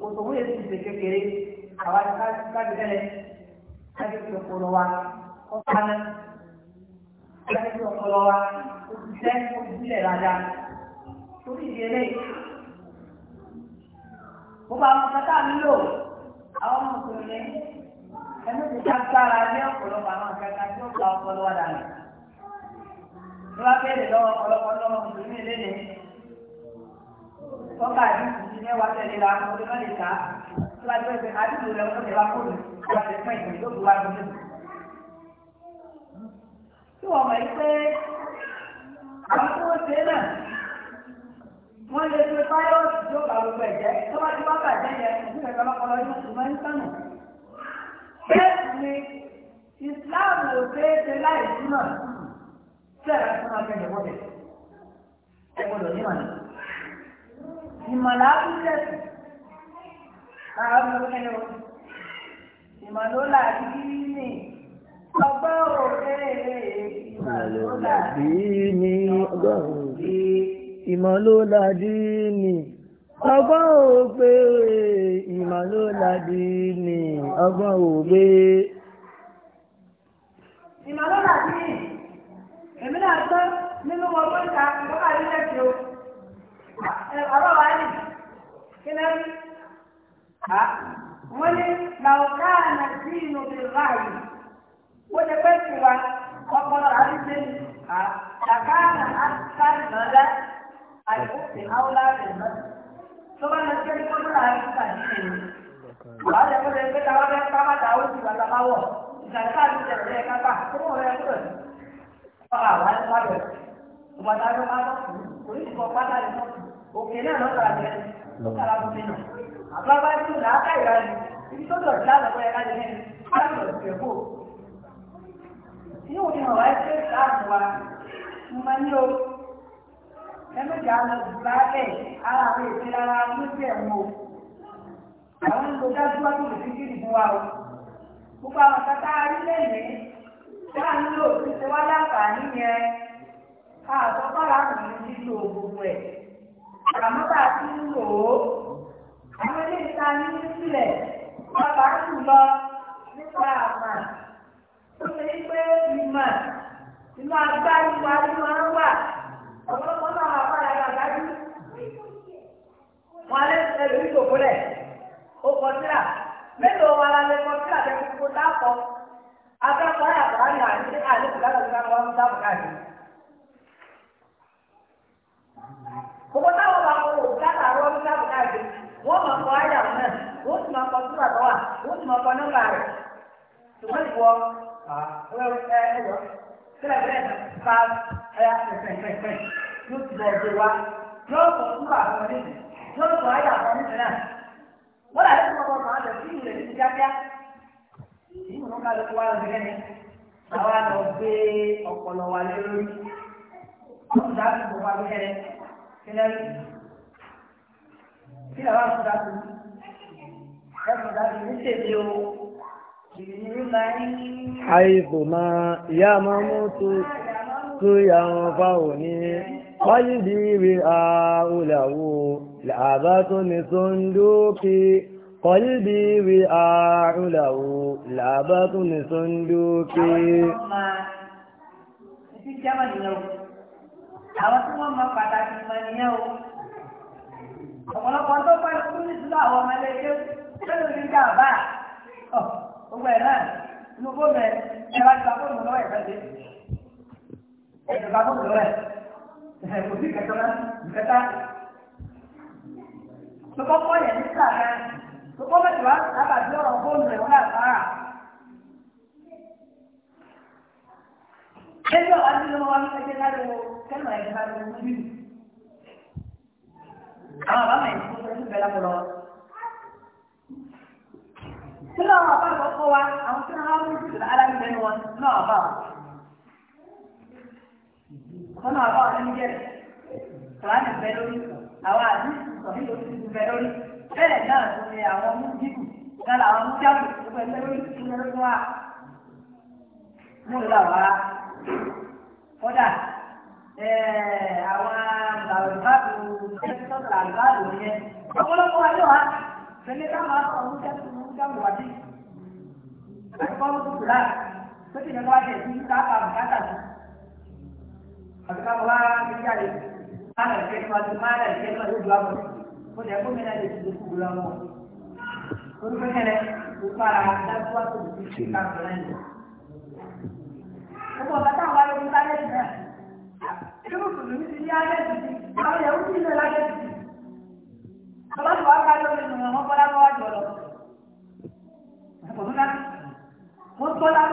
ṣòkòtò wọ́n yẹ ti kékeré àwa káàdì tẹ́lẹ̀ káàdì wa kọ́ paná káàdì wa o ti tẹ́ o ti sílẹ̀ dáadáa torí ìdí eléyìí. gbogbo àwọn kata mi ẹni tí ká gbára ní ọ̀pọ̀lọpọ̀ àwọn kẹta tí gba ọpọlọ wa dànù. ló bá bẹ̀rẹ̀ lọ́wọ́ ọ̀pọ̀lọpọ̀ lọ́wọ́ mùsùlùmí mẹ́wàá tẹ̀lé la mo ti lọ́lẹ̀ ta tó bá tó ẹsẹ̀ àdúgbò rẹ̀ wọ́n tẹ̀lé wa kó mi tó bá tẹ̀ fún ìgbìn tó bu wa dùn mí. tí wọ́n mọ̀ yìí pé àwọn tí wọ́n ṣe náà wọ́n lè fi fáyọ́sì tó bá gbogbo ẹ̀jẹ̀ tó bá ti bá bàjẹ́ yẹn ìdílé ẹ̀ka lọ́kọ́lọ́ yóò tún mọ́ ní sánà. bẹ́ẹ̀ ni ìsìláàmù ò ṣe ṣe láì sí sí ẹ̀rọ ìmọ̀lá àbúrẹ́sì àwọn ẹ̀rọ ìmọ̀lólà bíní ọgbọ́n òkèèrè ìmọ̀lólà bíní ọgbọ́n òkè ìmọ̀lólà bíní ọgbọ́n ògbé ìmọ̀lólà bíní ọgbọ́n ògbé. ìmọ̀lólà bíní èmi náà tán nínú ọgbọ́n ìta ọgbọ́n àdínlẹ̀ tí ọ̀rọ̀ wa ni kí náà rí wọ́n ní làwùká àná sí inú bí ráàyè wọ́n ti pẹ́ sí wa ọpọlọ àti ṣe ní kàkà àná àtàrí lọ́dá àìkúkè áwòlá rẹ̀ lọ́dá tó bá lọ sí ẹni tó lọ́dá àti ṣàdí ṣe ní. wàá lè fún mi pé táwọn bẹ́ẹ̀ ká má dà ó sì wà lábá wọ̀ ìgbàgbọ́ àti ìṣẹ̀lẹ̀ ẹ̀ka bá tó wọ̀ rẹ̀ kúrò ní. ọ̀rọ̀ àwọn àti wàá bẹ̀rẹ̀ ìgbàgbọ́ àti wàá bọ̀ kò ní ìfọ̀ pátá ìfọ̀ kù òkè náà lọ́kà rẹ̀ lọ́kà rà bùnmi nà àbá bá tún làákà ìrà rẹ̀ ibi tó dọ̀ sílá lọ́kọ̀ ẹ̀rá rẹ̀ lẹ́nu láti lọ sí ẹ̀kọ́. Yóò ní ọ̀rọ̀ ẹgbẹ́ láàbù wa, mo máa ní o. Ẹgbẹ́jà lọ bàálẹ̀ ara rẹ̀ ti rárá lójú ẹ̀ mọ́. Àwọn ń lo dájúwájú lè fi kiri fún wa o. Gbogbo àwọn kata arílẹ̀-èdè táà ń lò ti ṣe wá láǹfààní yẹn. Àtọ́kọ́ làwọn ń dídò gbogbo ẹ̀ àmọ́ bá ń lò ó àwọn ilé ìta ní sílẹ̀ bàbá tù lọ nípa àmà ó ṣe ní pé ìmọ̀ inú agbárí wa ni wọ́n wà ọ̀pọ̀lọpọ̀ náà wà padà yà dájú. wọn alẹ́ ẹlòmí kò kúlẹ̀ ó kọ síra mélòó wa la lè kọ síra lẹ́nu kó dákọ̀ abẹ́kọ̀ ayàtọ̀ ayà ní àlejò láti ọ̀gá wọn dábọ̀ káàkiri. nọ́mbà tó wà wọ́n ti mọ̀ kọ́ nọ́mbà rẹ̀ ṣùgbọ́n ìwọ ẹ ẹ lọ sílẹ̀ bẹ́ẹ̀ ẹ pẹ̀pẹ̀pẹ̀ yóò ti bọ̀ ọ̀dọ̀ wa yóò sọ fúnra àwọn oníṣẹ́ yóò sọ ayé àwọn oníṣẹ́ náà wọ́n làdé tó kan àjọ fíìmù rẹ̀ ní kíákíá fíìmù náà ká kó wá lọ sílẹ̀ ni àwa lọ gbé ọpọlọ wa lé lórí wọ́n ti dáàbò bò wá lókẹ́rẹ́ kílẹ̀ kí làwọn àti àìsùnmá ìyá máa mú tó tó yàwọn fáwọn ní wáyé bí rí àúlàwò làbá tó ní tó ń dókè kọlí bí rí àúlàwò làbá tó ní tó ń dókè àwọn tí wọ́n mọ pàtàkì mọ̀ sẹ́yìn òní ìjà àbá ọ̀ gbogbo ẹ̀ náà inú fóònù ẹ̀ ẹ̀ bá ti bá lọ́wọ́ ẹ̀ fẹ́ dé ẹ̀ ti bá lọ́wọ́ ẹ̀ kò sí kẹtọ́ náà kẹta tó kọ́ yẹn níta rẹ̀ tó kọ́ bẹ̀rẹ̀ wá lábàbí ọ̀rọ̀ fóònù rẹ̀ wọ́n àtàrà. Ẹjọ́ adúlọ́ wa ń ṣẹ́jẹ́ láriwo kẹ́lọ̀ ẹ̀ láriwo níbí. Àwọn àbámẹ̀ ìfowópamọ́ ìbẹ̀lẹ̀ kọ̀ lọ́wọ́ kí ló àwọn àbáàbọ̀ kọ́ wa àwọn tí wọ́n á mú jùlọ alámi lẹ́nu wọn náà àbá wọn. kọ́nà àbá wọn lẹ́nu jẹ́rẹ̀ kùránì bẹ lórí àwọn àdúgbò sọ̀rọ̀ lórí ti bẹ lórí bẹ́ẹ̀ náà tó ní àwọn mú jíkù kálá àwọn mú jáde tó bẹ lórí ti bẹ lórí wa. mú ìlú àwa kódà àwọn àgbàdo ẹ̀ẹ́dẹ́gbẹ̀rún àgbàdo yẹn ọ̀pọ̀lọpọ̀ ayé wa fẹ́lẹ́ ká máa sọ̀rọ̀ mú jáde tó bukan wajib. Dan kalau itu berat, ketika wajib kita apa berkata? Apakah orang mencari mana kelima mana kelima itu dua puluh? Kau dia pun menjadi buku dua puluh. Kau menjadi upara dan suatu bukti kita belanja. Kau kata wajib kita ada. Itu belum dia ada. Kalau yang udah lagi. Kalau suara kalau menunggu kalau wajib ọ̀túnlá wọ́n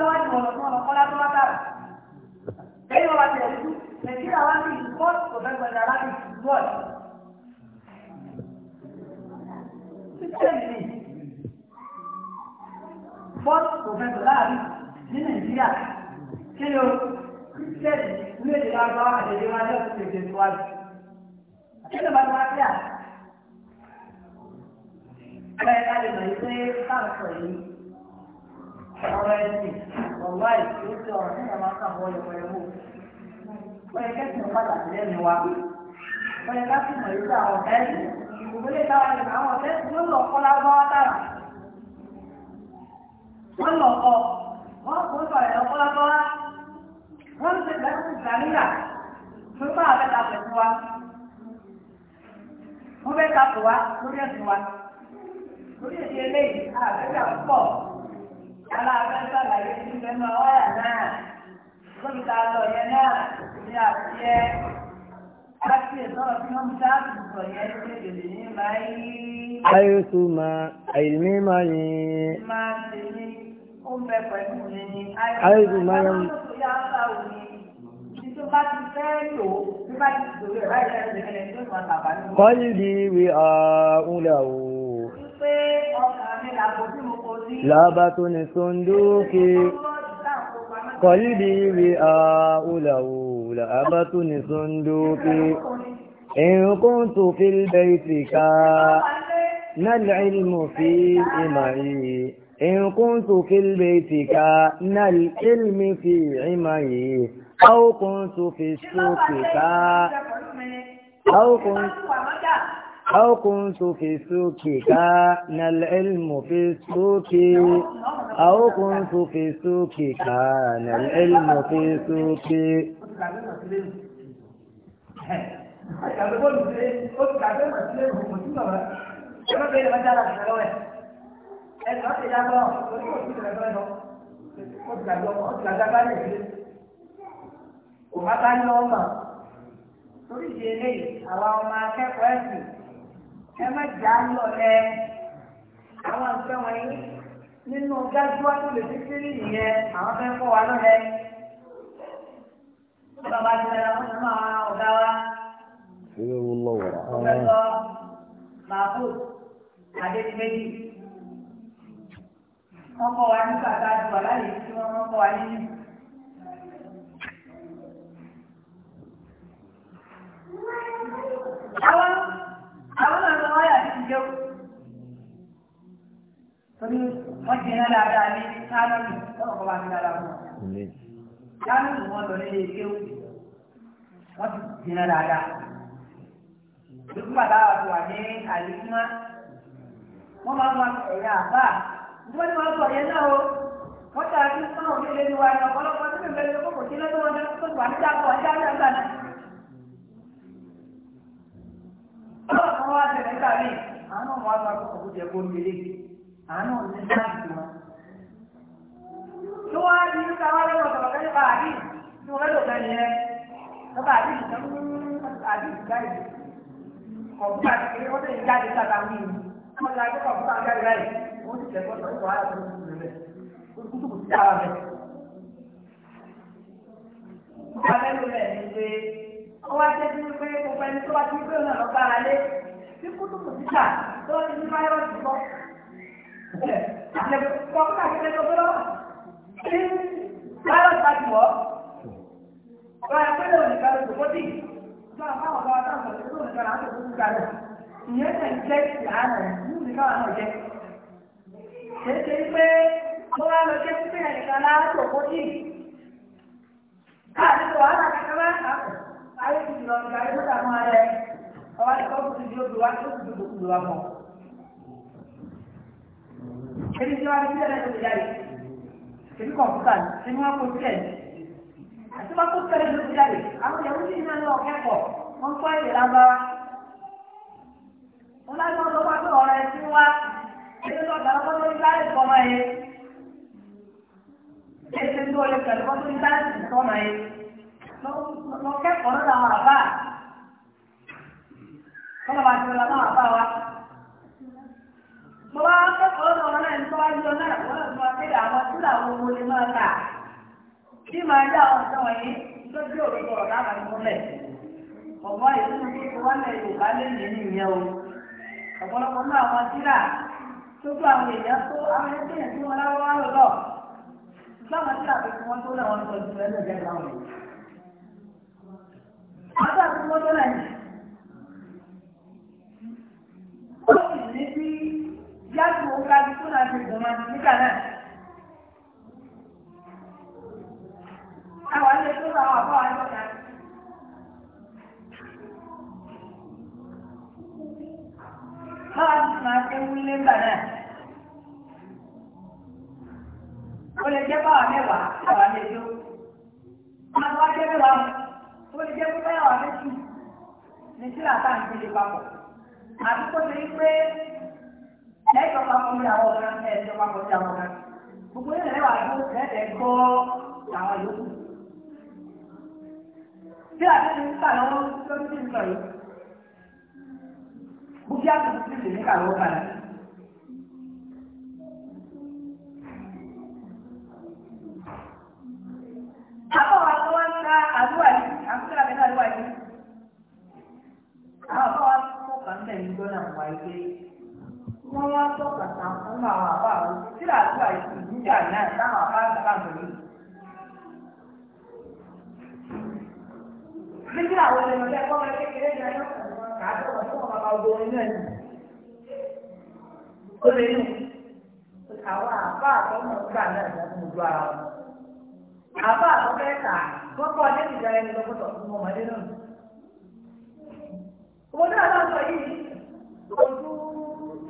yìí ọ̀rọ̀ ẹ̀sìn ọ̀gbá ìṣòro tí ọ̀rọ̀ tí wọ́n máa ń kà wọ́n yẹ wò. wọ́n yẹ kẹ́sìn pàtàkì lẹ́nu wa wọ́n yẹ ká sì mọ̀ ìlú àwọn ọ̀fẹ́ ìgbòho lè dáwà ní àwọn ọ̀fẹ́ tó lọ kọ́ lágbáwá dára. wọ́n lọ kọ́ wọ́n kó sọ̀rọ̀ ẹ̀rọ kọ́ lágbáwá wọ́n ti bẹ̀rù gàmílà tó bá àbẹ́ta pẹ̀lú wa wọ́n bẹ́ẹ̀ ta pọ̀ wá lórí ẹ̀sìn wa lórí èdè eléyìí àbẹ́ta yàrá abẹ́ sàlàyé tí mẹ́mọ́ wáyà náà lóbi tá a lọ yẹn náà ní àfihẹ́ láti ìsọ̀rọ̀ tí wọ́n ń dá àtúntò yẹn lórí èdè ní báyìí. Ayéṣu máa àìní máa yin. Máa ṣe ní ó ń bẹ pẹ̀lú mi ni. Ayéṣu máa yẹn. Àwọn olùkọ́ yà ń bá òní. Títí bá ti fẹ́ lò ó, bí bá ti dòwe ẹ̀ láì lẹ́nu ìrìn ẹni tó ń wà tàbá ní. Kọ́lí di wí ààrùn làwò. Wípé ọkàn mi làbójú lábátó ní sọ́ndókè kọlìdí rí àúlàwò lábátó ní sọ́ndókè ẹ̀rùnkún tó fi bẹ̀rẹ̀ ká nálìlmù fi ìmàrí ẹ̀rùnkún tó fi bẹ̀rẹ̀ ká nálìlmù fi ìmàrí áwùkún tó fi sókè ká tó fi sókè ká أو كنت في السوق كان العلم في السوق أو كنت في السوق كان العلم في السوق Òmátá ní ọmọ, torí ìdí eléyìí, àwọn ọmọ akẹ́kọ̀ọ́ ẹ̀sìn ẹ má jà á lọ lẹ àwọn nǹkan wọ̀nyí nínú gbájúwá lè fi kiri nìyẹn àwọn fẹ́ kọ́ wa lọ́lẹ. bàbá ti rẹ̀ àwọn ọmọ àwọn ọ̀gá wa. ilé wo lọ wọ̀rọ̀. wọ́n kọ́ wa nígbà tá a láyé tí wọ́n kọ́ wa nínú. àwọn. àwọn náà lọ ya ní ìjọ torí wọn ti náà dáadáa ní kánọ́ọ̀nù lọ́wọ́ kọ́ bá mi dára fún wọn kánọ́ọ̀nù wọn lọ nílé ìkéwù wọn ti ti náà dáadáa lókù bàbá wa ti wà ní àlékúmá wọn máa ń wá ẹ̀yà àbá wọn ni wọn sọ àwọn kan wá sọ àkókò tó yẹ kó ń lélẹ̀ àánú ní sáàtì wọn. tó wá di níta wá lọ́wọ́ sọ̀rọ̀ kẹ́lẹ́ bá àdí tí wọ́n lọ́dọ̀ bẹ́ẹ̀ yẹn lọ́ba àdí ìtàn àdí ìgbàlè kọ̀ǹpútà kékeré wọ́n tẹ̀lé jáde sáta wí ni wọ́n ti àgbẹ̀ kọ̀ǹpútà jáde láì wọ́n ti tẹ̀ kọ́tọ̀ ìwà àti kùtùkùtù rẹ̀ kùtùkùtù ti dà wọ́n wá jẹ́ bí wípé gbogbo ẹni tó bá ti gbé ọ̀nà lọ́gbàrá lé bí kútùkù títà tó ìyẹn tẹ̀ ń jẹ́ ìyáàrẹ̀ ní káwọn náà jẹ́. èsì pé mo wá lọ jẹ́ pípẹ́ ẹ̀nìkan láti òkú tì káàdì tó wàhálà kankan bá kà á ayé ti lọ ìgbà yóò dààmú ara ẹ̀ ọwọ́ àti kọ́kùnrin yóò dùn wá tó dùn wá mọ́ ẹni tí wọ́n á fi ẹ̀rẹ́ tó ti jáde èmi kọ̀ǹpútà wọ́n á kó sílẹ̀ àti wọ́n kó sílẹ̀ ló ti àwọn ìyàwó sì ní àná ọ̀kẹ́kọ̀ọ́ wọ́n kọ́ èdè lágbára wọ́n láti wọ́n lọ́wọ́ pé ọ̀rọ̀ ẹ̀sìn wá ẹni tó ọ̀gá lọ́wọ́ lórí láyé ìfọ́mọ yẹn ẹsẹ̀ tó lè pẹ̀lú wọ́n lórí láyé ìfọ́mọ yẹn lọ́kẹ́kọ̀ọ́ lọ́dọ̀ àwọn àbá mo bá kẹ́kọ̀ọ́ náà wọn náà ń tọ́ ayé ọ̀nà wọn náà máa kéde àwọn tí làwọn owó lè máa kà bí màá dá àwọn ọ̀sán wọ̀nyí tó bí òbí bọ̀rọ̀ láwọn ní mọ́lẹ̀ ọ̀gbọ́n ìdúró tó ti wọ́n lẹ̀ yorùbá lẹ́yìn nìyẹn o ọ̀pọ̀lọpọ̀ náà àwọn tíra tó tó àwọn èèyàn tó àwọn ẹgbẹ́ yẹn tí wọ́n láwọ́ wá lọ lọ láwọn tíra tó ti wọ́n tó náà wọ́n tọ́jú ẹlẹ́gbẹ̀ẹ́ láwọn àwọn tí wọ́n tó náà yìí yàtò òkàdì tó náà ti dùn nígbà náà. Àwọn ilé tó náà wà bọ́ àwọn ìjọba. Báwa ti máa ṣe wú ilé ńgbà náà. O lè jẹ́ báwa mẹ́wàá, báwa mẹ́jọ. Máa wá jẹ́ mẹ́wàá mu. O lè jẹ́ báwa mẹ́jọ. Ní sílá táà ń gbélé papọ̀. Àbíkó ṣe ń pé lẹ́jọ́ papọ̀ ní àwọn ọ̀gá ẹ̀jọ́ papọ̀ ní àwọn ọ̀gá gbogbo yẹn lẹ́wà ló lẹ́tẹ̀ gbọ́ àwọn yòókù. bí àtẹ́tẹ́ ń kà lọ́wọ́ tó ń tì ń sọ yìí gbogbo àtẹ́tẹ́ ti lè ní kà lọ́wọ́ padà. àbọ̀ wa tó ń ta àdúrà yìí àkúrà mi náà àdúrà yìí àwọn àbọ̀ wa tó kàn ń bẹ̀ ní gbọ́dọ̀ àwọn àìgbé. wọ́n wá tọ́ka sàǹfà nínú náà táwọn Níbi àwọn ènìyàn kọ́ kékeré ní ayé ọ̀sán wọn tó wọn tó wọn bàbá ogun orin náà nì. Ó lè nù. Àwọn àbá àtọ́nà gbà náà ló ń gbọ́ ara wọn. Àbá àtọ́fẹ́ kà wọ́n kọ́ ìjà ẹni lọ́kọ̀tọ̀ fún ọmọdé náà. Òun náà yìí ojú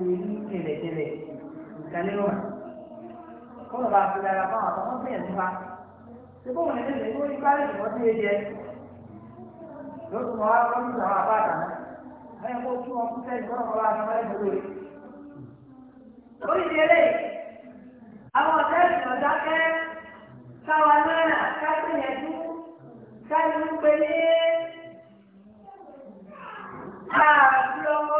lè rí tẹ̀lẹ̀tẹ̀lẹ̀ ìkàlẹ́rọ̀ kọ́lọ̀ bá fi lára fáwọn àtàwọn fẹ̀yẹ̀ nípa ṣé bó wọn lè lè wọ́n ní báyìí wọ́n ti lè jẹ lóṣù mọ́ wá lọ́dún àwọn àbá àtàná lẹ́yìn kó tún ọkú sẹ́yìn kọ́lọ̀ kọ́lọ̀ àtàwọn ẹ̀dùn lórí. orí ìdílé àwọn ọ̀tẹ́ẹ̀lì ọ̀dákẹ́ káwa náà ká gbìyànjú ká ìlú pẹ̀lẹ́ káà fi ọmọ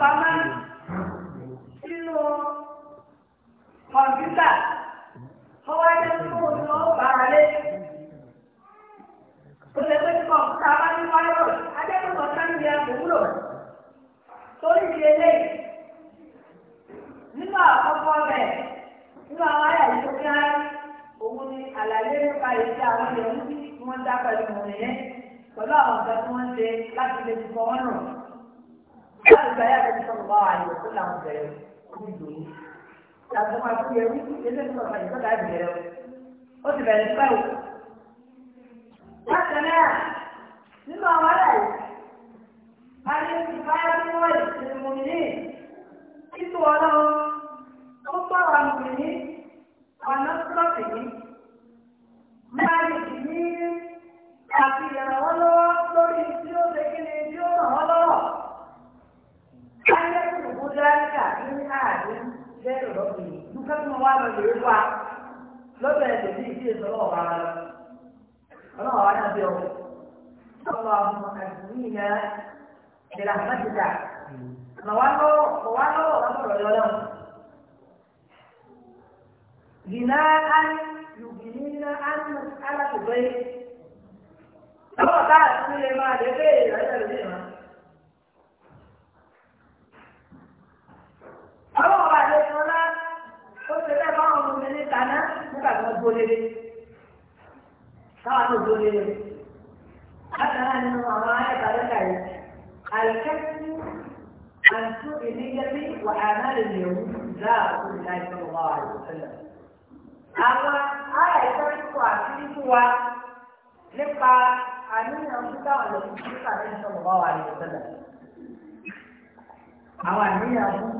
pamọ́ sínú kọ̀ǹpútà kó wá dé fún òun ni wọ́n bá a lé. Kò lè pé kí kọ̀ǹpútà bá ní fáyọ̀rọ̀ adékòkò sáńdì àgbòwúlò. Torí ti eléyìí, nínú àkọ́kọ́ rẹ̀, nínú àwọn àyà yìí tó dá òun ni àlàyé nípa ìṣe àwọn ìyẹ̀wò tí wọ́n dá pẹ̀lú òun yẹn pẹ̀lú àwọn ọ̀gá tí wọ́n ṣe láti lè fi fọwọ́ láti gba yàtọ̀ sọ̀rọ̀ bá wà òkú làwọn bẹ̀rẹ̀ ní ìdòwú. Láti máa fi ẹrú ilé ìsọ̀rọ̀ kan ìsọ̀rọ̀ láti o. Ó ti bẹ̀rẹ̀ sí báwo. Bákan náà, nínú àwọn ará yìí, a ní ìfáyà tí wọ́n lè ṣe mú ní títú ọlọ́run tó tọ́ àwọn mùmí ọ̀nà sọ́ọ̀tì yìí. Máa lè ní àfihàn lọ́wọ́ lórí tí ó ṣe kí ni tí ó ràn ní ààrẹ lẹ́rọ lọ́bì dúkẹ́ tó wà lọ́bì rẹ̀ wá lọ́bì ẹ̀ tẹ̀lé ìdí èso ọ̀wà rẹ̀ ọlọ́wà wà náà bí ọ اللهم أجزينا برحمتك نوالو نوالو أمر العلم بناء يبنينا عن مسألة البيت. Kalau tak, ini lima, dia beda, dia beda. àwọn ọba àlejò ọlá ó ṣe bẹ́ẹ̀ bá àwọn ọmọ ní kaná nígbà tí wọ́n dúró lélẹ̀ káwọn náà dúró lélẹ̀ látara nínú àwọn ayẹta lẹ́ka yìí àìkẹ́kù àǹtú ìníjẹ́bí wà ánáàlì yẹ̀wù dáa fún ìdájọ́ wa àìsílẹ̀. àwọn ará ìtọ́jú àti ikú wa nípa àníyàn tó dáwọn lọ́wọ́ nípa ìṣọ̀rọ̀ wa àìsílẹ̀. àwọn àníyàn fún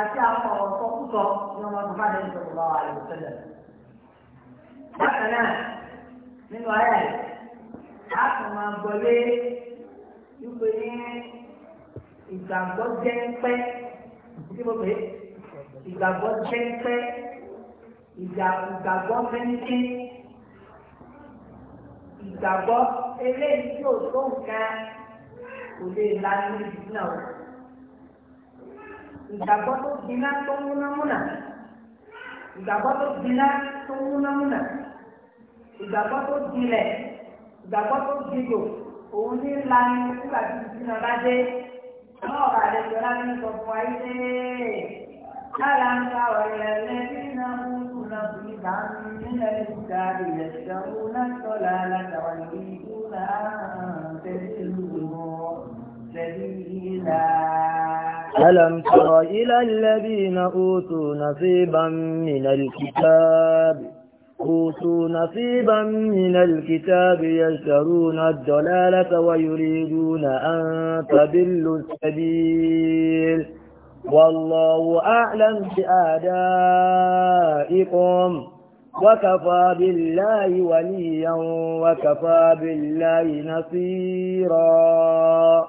àti àwọn ọ̀rọ̀ tó kúkọ ní ọmọ bàbá rẹ̀ sọ̀rọ̀ lọ́wọ́ àyè òṣèlè. Bákan náà, nínú ayé a kò máa gbọ́lé wípé ní ìgbàgbọ́ jẹ́ ń mo pè é ìgbàgbọ́ jẹ́ ìgbàgbọ́ fẹ́ńkì ìgbàgbọ́ eléyìí tí ò tó nǹkan kò lè lanu ìdí náà ìgbàgbọ́ tó gbiná tó múnámúnà ìgbàgbọ́ tó gbiná tó múnámúnà ìgbàgbọ́ tó gbilẹ̀ ìgbàgbọ́ tó gbigbò òun ní lanu nígbà tí ìsinmi bá dé náà bá lè jọ láti sọ fún wa yìí dé lára ń ta ọ̀rẹ́ lẹ́bí náà ń kú náà kú ní bàánú nílẹ̀ níta ilẹ̀ ìdánwò náà sọ̀lá látàwọn ìlú náà tẹ̀lé ìlú wọn tẹ̀lé ìlú náà. ألم تر إلى الذين أوتوا نصيبا من الكتاب أوتوا نصيبا من الكتاب يشترون الضلالة ويريدون أن تضلوا السبيل والله أعلم بآدائكم وكفى بالله وليا وكفى بالله نصيرا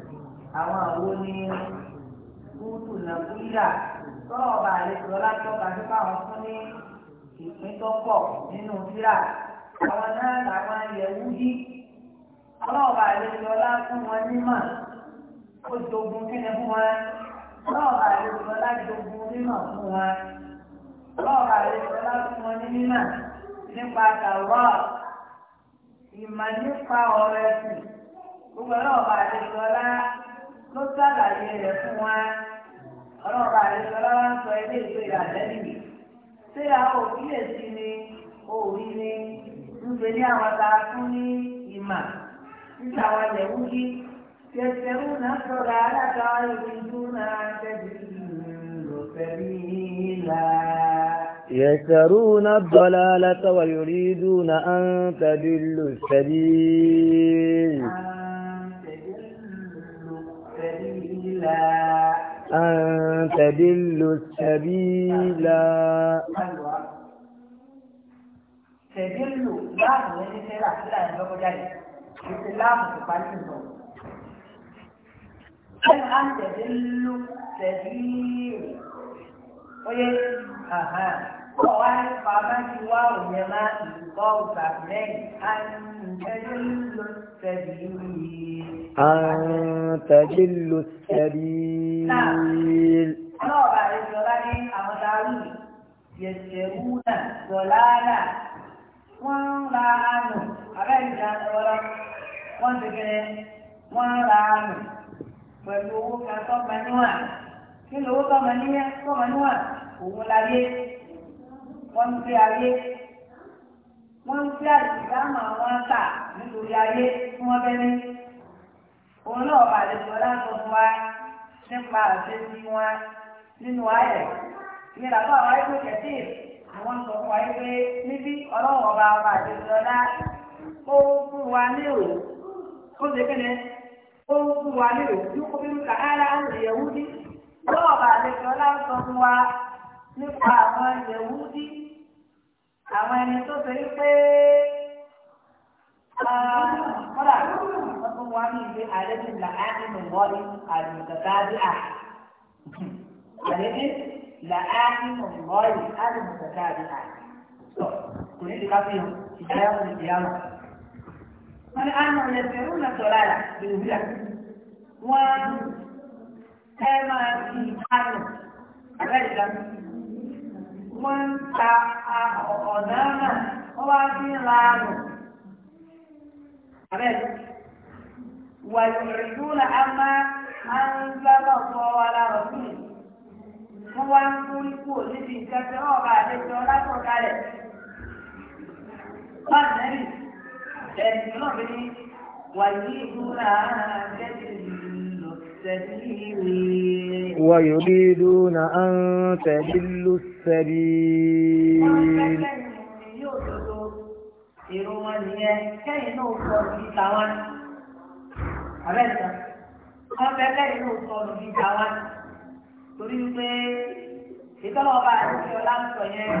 àwọn àwo ni kúùtù nàìjíríà tọ́lọ̀ ọba àlejò látọ́ka nípa àwọn fún ní ìpín tó pọ̀ nínú síra àwọn náà làwọn ayẹ̀wò yí tọ́lọ̀ àlejò ọlá fún wọn nímọ̀ ó jogun kíni fún wọn tọ́lọ̀ àlejò ọlá jogun nímọ̀ fún wọn tọ́lọ̀ àlejò ọlá fún wọn ní nípa tàwọ́ ìmọ̀ nípa ọ̀rọ̀ ẹ̀sìn gbogbo ọlọ́ọ̀ba àlejò ọlá ló sàlàyé rẹ̀ fún wa ọlọ́ba àdéhùn wa ń sọ ilé ìwé àtẹ́lì mi ṣé àwọn òkíyèsí ni òwì ni ń gbé ní àwọn tá a fún ní ìmà níta wọn lè ń yí kẹsẹ̀rú náà sọ̀rọ̀ alága ìrìndú ìlú pẹ̀lú ìlà. يسرون الضلالة ويريدون أن تدلوا السبيل أن تدلوا السبيل tẹ̀dílù láàmù ẹni tẹ́lá sílẹ̀ ẹni lọ́kọ́ jáde ìpè láàmù tó parí nìkan. ṣẹ́ni á ń tẹ̀dílù tẹ̀dílù ó yẹ Ọ̀wá nípa bá ti wá òyìn máa ìgbọ́ ọ̀gá lẹ́yìn àǹtẹ̀dẹ́lù sẹ́bí yìí. Àǹtẹ̀dẹ́lù sẹ́bí yìí. Ọlọ́ọ̀bà Wọ́n ń ra àánú, abẹ́ ìjà ọlọ́, wọ́n ti gẹ̀rẹ́, wọ́n ń ra àánú pẹ̀lú owó kan tọ́gbà níwà. Kí lówó tọ́gbà níwà? Òun láyé wọ́n ń gbé ayé wọ́n ń gbé àdìgbàmù àwọn àtà nítorí ayé tí wọ́n bẹ́ ní. òun náà bàlẹ̀ sọ́lá sọ fún wa nípa àṣẹ́sí wọn nínú ayẹ̀ ìyẹn làbọ̀ àwọn ayé tó kẹ̀sí àwọn sọ fún wa yìí pé níbi ọlọ́wọ́ ọba ọba àdìsọ́lá ó fún wa ní òun ó ṣe kéde ó fún wa ní òun yóò kó bí ká ara ń lè yẹ̀wú ní. ọlọ́wọ́ ọba àdìsọ́lá sọ fún wa nípa àwọn yẹ̀wúdí àwọn ẹni tó ṣe é pé ah, kọ́lá wọ́n tún ní ilé àrẹ́bí là á nínú wọ́ọ̀lì àdùnkàtàbí à àrẹ́bí là á nínú kò ní ìdíkà fi hàn ìdáyà wọn ìdíyà wọn. wọ́n ní àwọn ọ̀nà ìfẹ̀rù náà sọ̀rọ̀ àlà bèrè wọ́n ẹ máa fi ìbánu àbẹ́rẹ́ ìdáná wọ́n ń ta ọ̀nà náà wọ́n wá sí ńlá rẹ̀. Àbẹ̀ wà ìrìnjú là á máa máa ń gbábọ̀ sọ wa lára fún un. Wọ́n wá ń kú ikú níbi ìjọba ọba àlejò ọlákọ̀ọ́kalẹ̀. Wọ́n nẹ́rì ẹ̀sìn náà bí wà yí ìbúra àjẹsìn lọ sẹ́yìn. ويريدون أن تدلوا السبيل torí wípé ìtọ́lọ̀ ọba àti ọlá ń sọ yẹn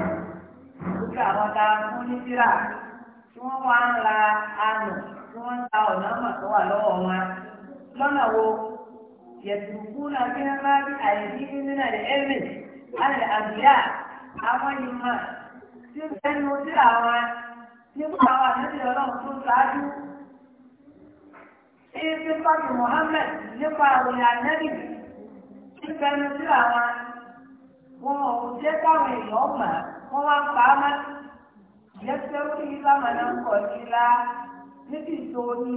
lókè àwọn ta fún ní síra tí wọ́n wá ń la àánú tí wọ́n ń ta ọ̀nà tó wà lọ́wọ́ wọn lọ́nà wo yẹ̀sùn náà kí bá nínú alẹ́ àwọn ìmọ̀ tí ó tẹnu sí àwọn nípa àwọn àdébí ọlọ́run tó ṣáájú. Ṣé pípàtì Mohammed nípa àròyìn ànẹ́bì tí tẹnu sí àwọn wọn ò jẹ́ káwọn èèyàn mà wọ́n wá ń pa á mọ́. ó kí náà ń kọ̀ sí la níbi ìtòní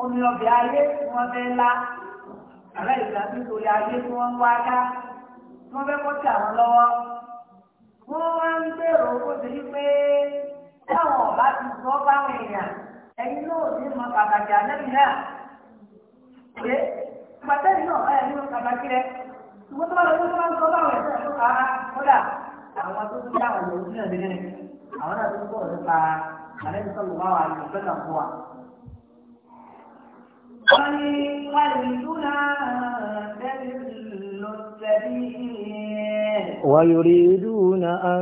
omi ayé tí la. ìgbà ayé tí wọ́n ń wá ká. wọ́n fẹ́ kọ́ sí àwọn lọ́wọ́ wọ́n wá ń gbèrò kó sì rí táwọn ọ̀bá ti sọ báwọn èèyàn ẹ̀yin náà ní mọ pàtàkì àlẹ́bí náà pé pàtẹ́yìn náà ẹ̀ ní mọ pàtàkì ṣùgbọ́n tó bá lọ sí wọn sọ báwọn ẹ̀sẹ̀ tó kà kódà àwọn tó tún dáwọn lòun sí náà àwọn náà tó sọ̀rọ̀ nípa àlẹ́bí sọ̀rọ̀ wá wà ní ìfẹ́ fún wa. wọ́n ní wọ́n السبيل ويريدون أن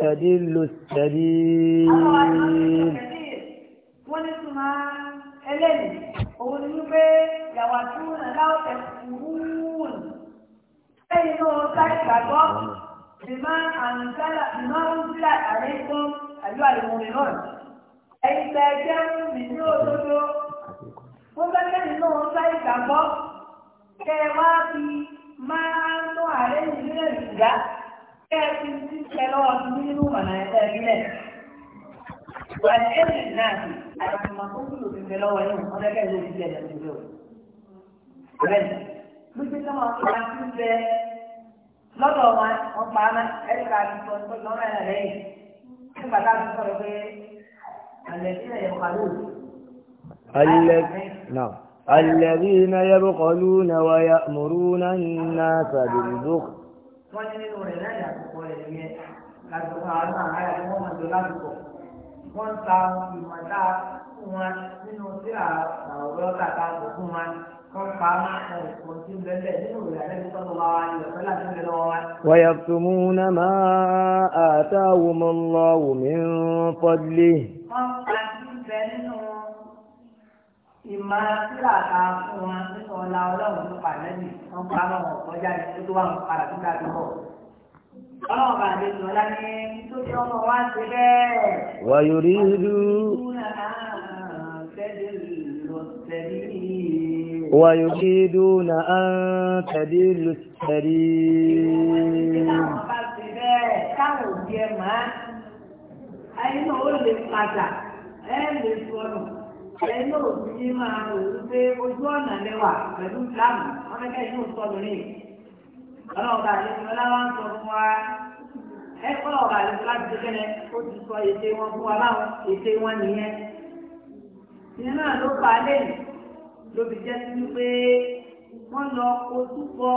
تدلوا السبيل ونسمع إليه ونبي يواتون لو تكفرون أينو تكفرون بما أنزل بما أنزل عليكم أيها المؤمنون أي تجمع من يوتو وكان لهم تكفرون kẹ wá fi máa ń tó ààrẹ ìdílé ìgbà kẹ́ẹ̀kì tí ṣẹlẹ̀ ọdún nínú ọ̀nà ẹ̀fẹ́ ìbílẹ̀. Wọ́n ẹ̀ ẹ́ rìn náà sí àti ọmọ tó kúrò ní ìbẹ̀ lọ́wọ́ yóò wọ́n lẹ́kẹ́ ló ìbílẹ̀ lẹ́nu ìbílẹ̀ o. Bẹ́ẹ̀ni, gbígbé náà wọ́n máa ń bẹ lọ́dọ̀ wọn wọ́n pa á ẹ̀rí ká ti sọ pé lọ́rọ̀ ẹ̀ lẹ́yìn. Nígbà tá ti sọ̀rọ̀ pé àlẹ́ sílẹ̀ yẹ̀ الذين يبخلون ويأمرون الناس بالبخل ويبتمون ما آتاهم الله من فضله ìmọ̀ sílàkà fún wọn nínú ọ̀la ọlọ́run tó pàdé nì wọ́n pa àwọn ọ̀kọ́jà ní tó tó wà wọn padà tó dájú bọ̀. ọlọ́run bá lè lọ́la ní tó tí ọmọ wa ṣe bẹ́ẹ̀. wàyò rí irú. ويريدون أن تدلوا السبيل Ẹni ó lè padà, ẹ lè sọ̀rọ̀, ẹ náà ní máa rò wípé ojú ọ̀nà lẹ́wà pẹ̀lú ìlànà wọn fẹ́ sọ lórí ọlọ́ọ̀gá àlejò ọláwá ń sọ fún wa ẹ láti sọ ète wọn fún wa láwọn ète wọn nìyẹn ìyẹn náà ló lóbi jẹ́ sí pé wọ́n lọ ojú kọ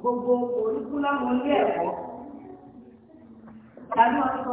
gbogbo olùkú láwọn ilé ẹ̀kọ́ tàbí wọn sọ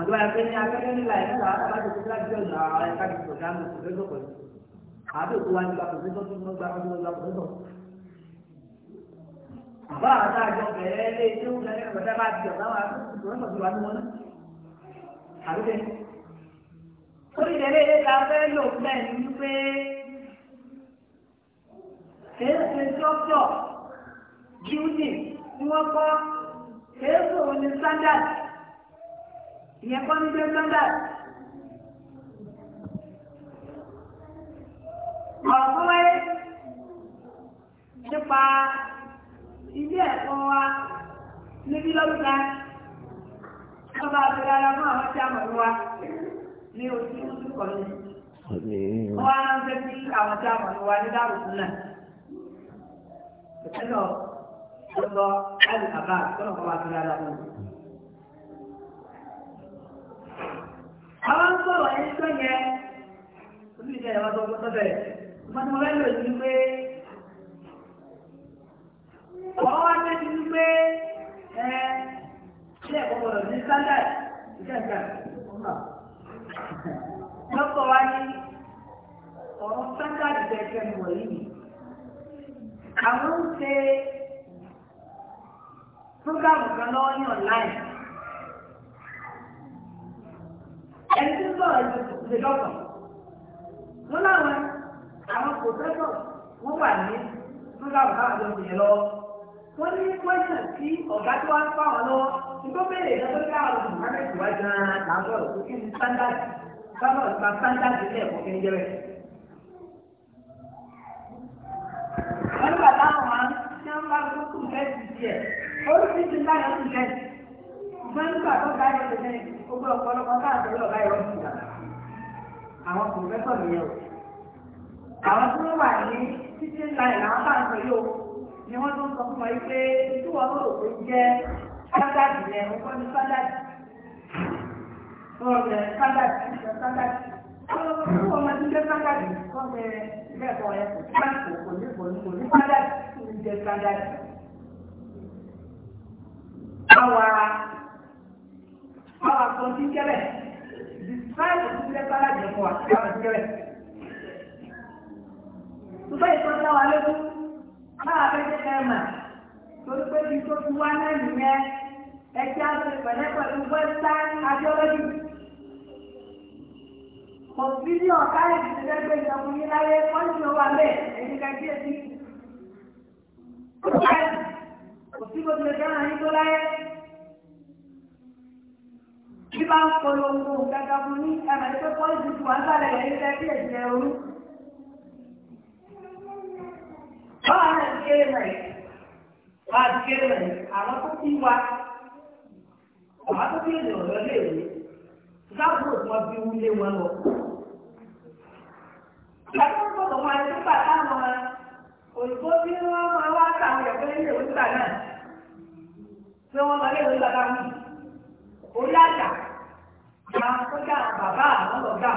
àdúrà ẹgbẹ́ ní akẹ́kẹ́ nílà ẹ̀ nílà àbá tó kíkà jù ọ̀nà àwọn ẹ̀ka ti sọ̀rọ̀ dáná kò fẹ́sọ̀ pẹ̀lú àbí òkú wa ní gba pòfẹ́sọ̀ tó mọ́ gba pòfẹ́sọ̀ gba pòfẹ́sọ̀. àbá àtà àjọ bẹ̀rẹ̀ lé tí ó ń lẹ́yìn ọ̀dẹ́ bá ti ọ̀dá wa pòfẹ́sọ̀ ti wà ní wọn. àbíkẹ́ orí ìdẹ́lẹ́ ilé ta fẹ́ lò fẹ́ ní pé kèé ṣe sọ́kọ̀ bíúdì tí wọ́n kọ́ kèé ìyẹn kọ́ ní pé standard. ọ̀rọ̀ tó wáyé nípa ilé ẹ̀kọ́ wa níbi lọ́dúnká wọ́n bá fi ara mọ́ àwọn tí a mọ̀ wá ní ojú ojú kọ̀ ní. wọ́n á ránṣẹ́ sí àwọn tí a mọ̀ wá ní dáàbòbò náà. ìpínlẹ̀ ọ̀dọ́ alùpàbà tó lọ́kọ́ bá fi ara mọ́. àwọn ń sọ̀rọ̀ ẹni tó yẹ oníṣẹ́ ìjọba tó gbọ́ sọ́bẹ̀ ìgbọ́n mo lẹ́lò yìí pé wọ́n wá tẹ́tí ní pé ẹ ilé ẹ̀kọ́ gbọ́dọ̀ ní standard ìjẹ́ǹkà lọ́pọ̀ wá ní ọ̀rọ̀ standard ìjẹ́ǹkà wọ̀nyí àwọn ẹni tí ń sọ̀rọ̀ ìdè wọn láwọn àwọn kò tẹ́tọ̀ wà ní fúláwù káwọn jọ bìyẹn lọ́wọ́ wọ́n ní pẹ́sẹ̀ tí ọ̀gá tí wọ́n fà wọn lọ́wọ́ tí tó béèrè ìdájọ́ tí àwọn olùmọ̀lẹ́sì wá gan-an là ń kí ni standard sábà gba standard ilé ẹ̀kọ́ kí ni jẹ́ bẹ́ẹ̀. wọ́n máa ń ṣe ń bá gbókùn kẹ́sì tiẹ̀ ó sì ti bá yẹn kù kẹ́sì. ṣùgbọ́n nígbà àwọn tó wà ní títí ńlá ẹ̀ làwọn káàkiri yóò ni wọ́n tó ń sọ fún tí wọ́n tó jẹ́ ní wọ́n wọ́n jẹ́ wọ́n lẹ́ẹ̀kọ́ báwa sọ sí kẹ́lẹ̀ dìsáìtì tó fẹ́ bá lájẹ̀ fún wa báwa sí kẹ́lẹ̀. Ṣùgbọ́n ìtọ́ sáwà lókun báwa fẹ́ jẹ́ kẹ́rẹ́ mà torí pé kí tó fi wá náà nìyẹn ẹjẹ́ àti pẹ̀lẹ́ pẹ̀lú western ideology. Kò sí ní ọ̀ká ìdílẹ́gbẹ̀ẹ́ ìjọba yín láyé wọ́n ti lọ wà bẹ́ẹ̀ èyí Kò sí gbogbo ìjọba yín láyé bí bá ń polongo gàgà fún ní ẹ̀mẹ̀ tó kọ́ ìdìbò wá sálẹ̀ yẹn fẹ́ kí ẹ̀jẹ̀ ooru. báwa náà ti kéré mẹ́rin bá a ti kéré mẹ́rin àwọn tó ti wá àwọn tó ti lè lọ léèwé sábà tó wọn bí wúlé wọn lọ. ìyàtọ̀ gbọ́dọ̀ wọn ẹni tó gbà táwọn òyìnbó bí wọ́n máa wá sáwọn ẹ̀kọ́ léèwé gbà náà tí wọ́n lọ léèwé gbà orí àjà ìyá sọ́jà bàbá àwọn lọ́jà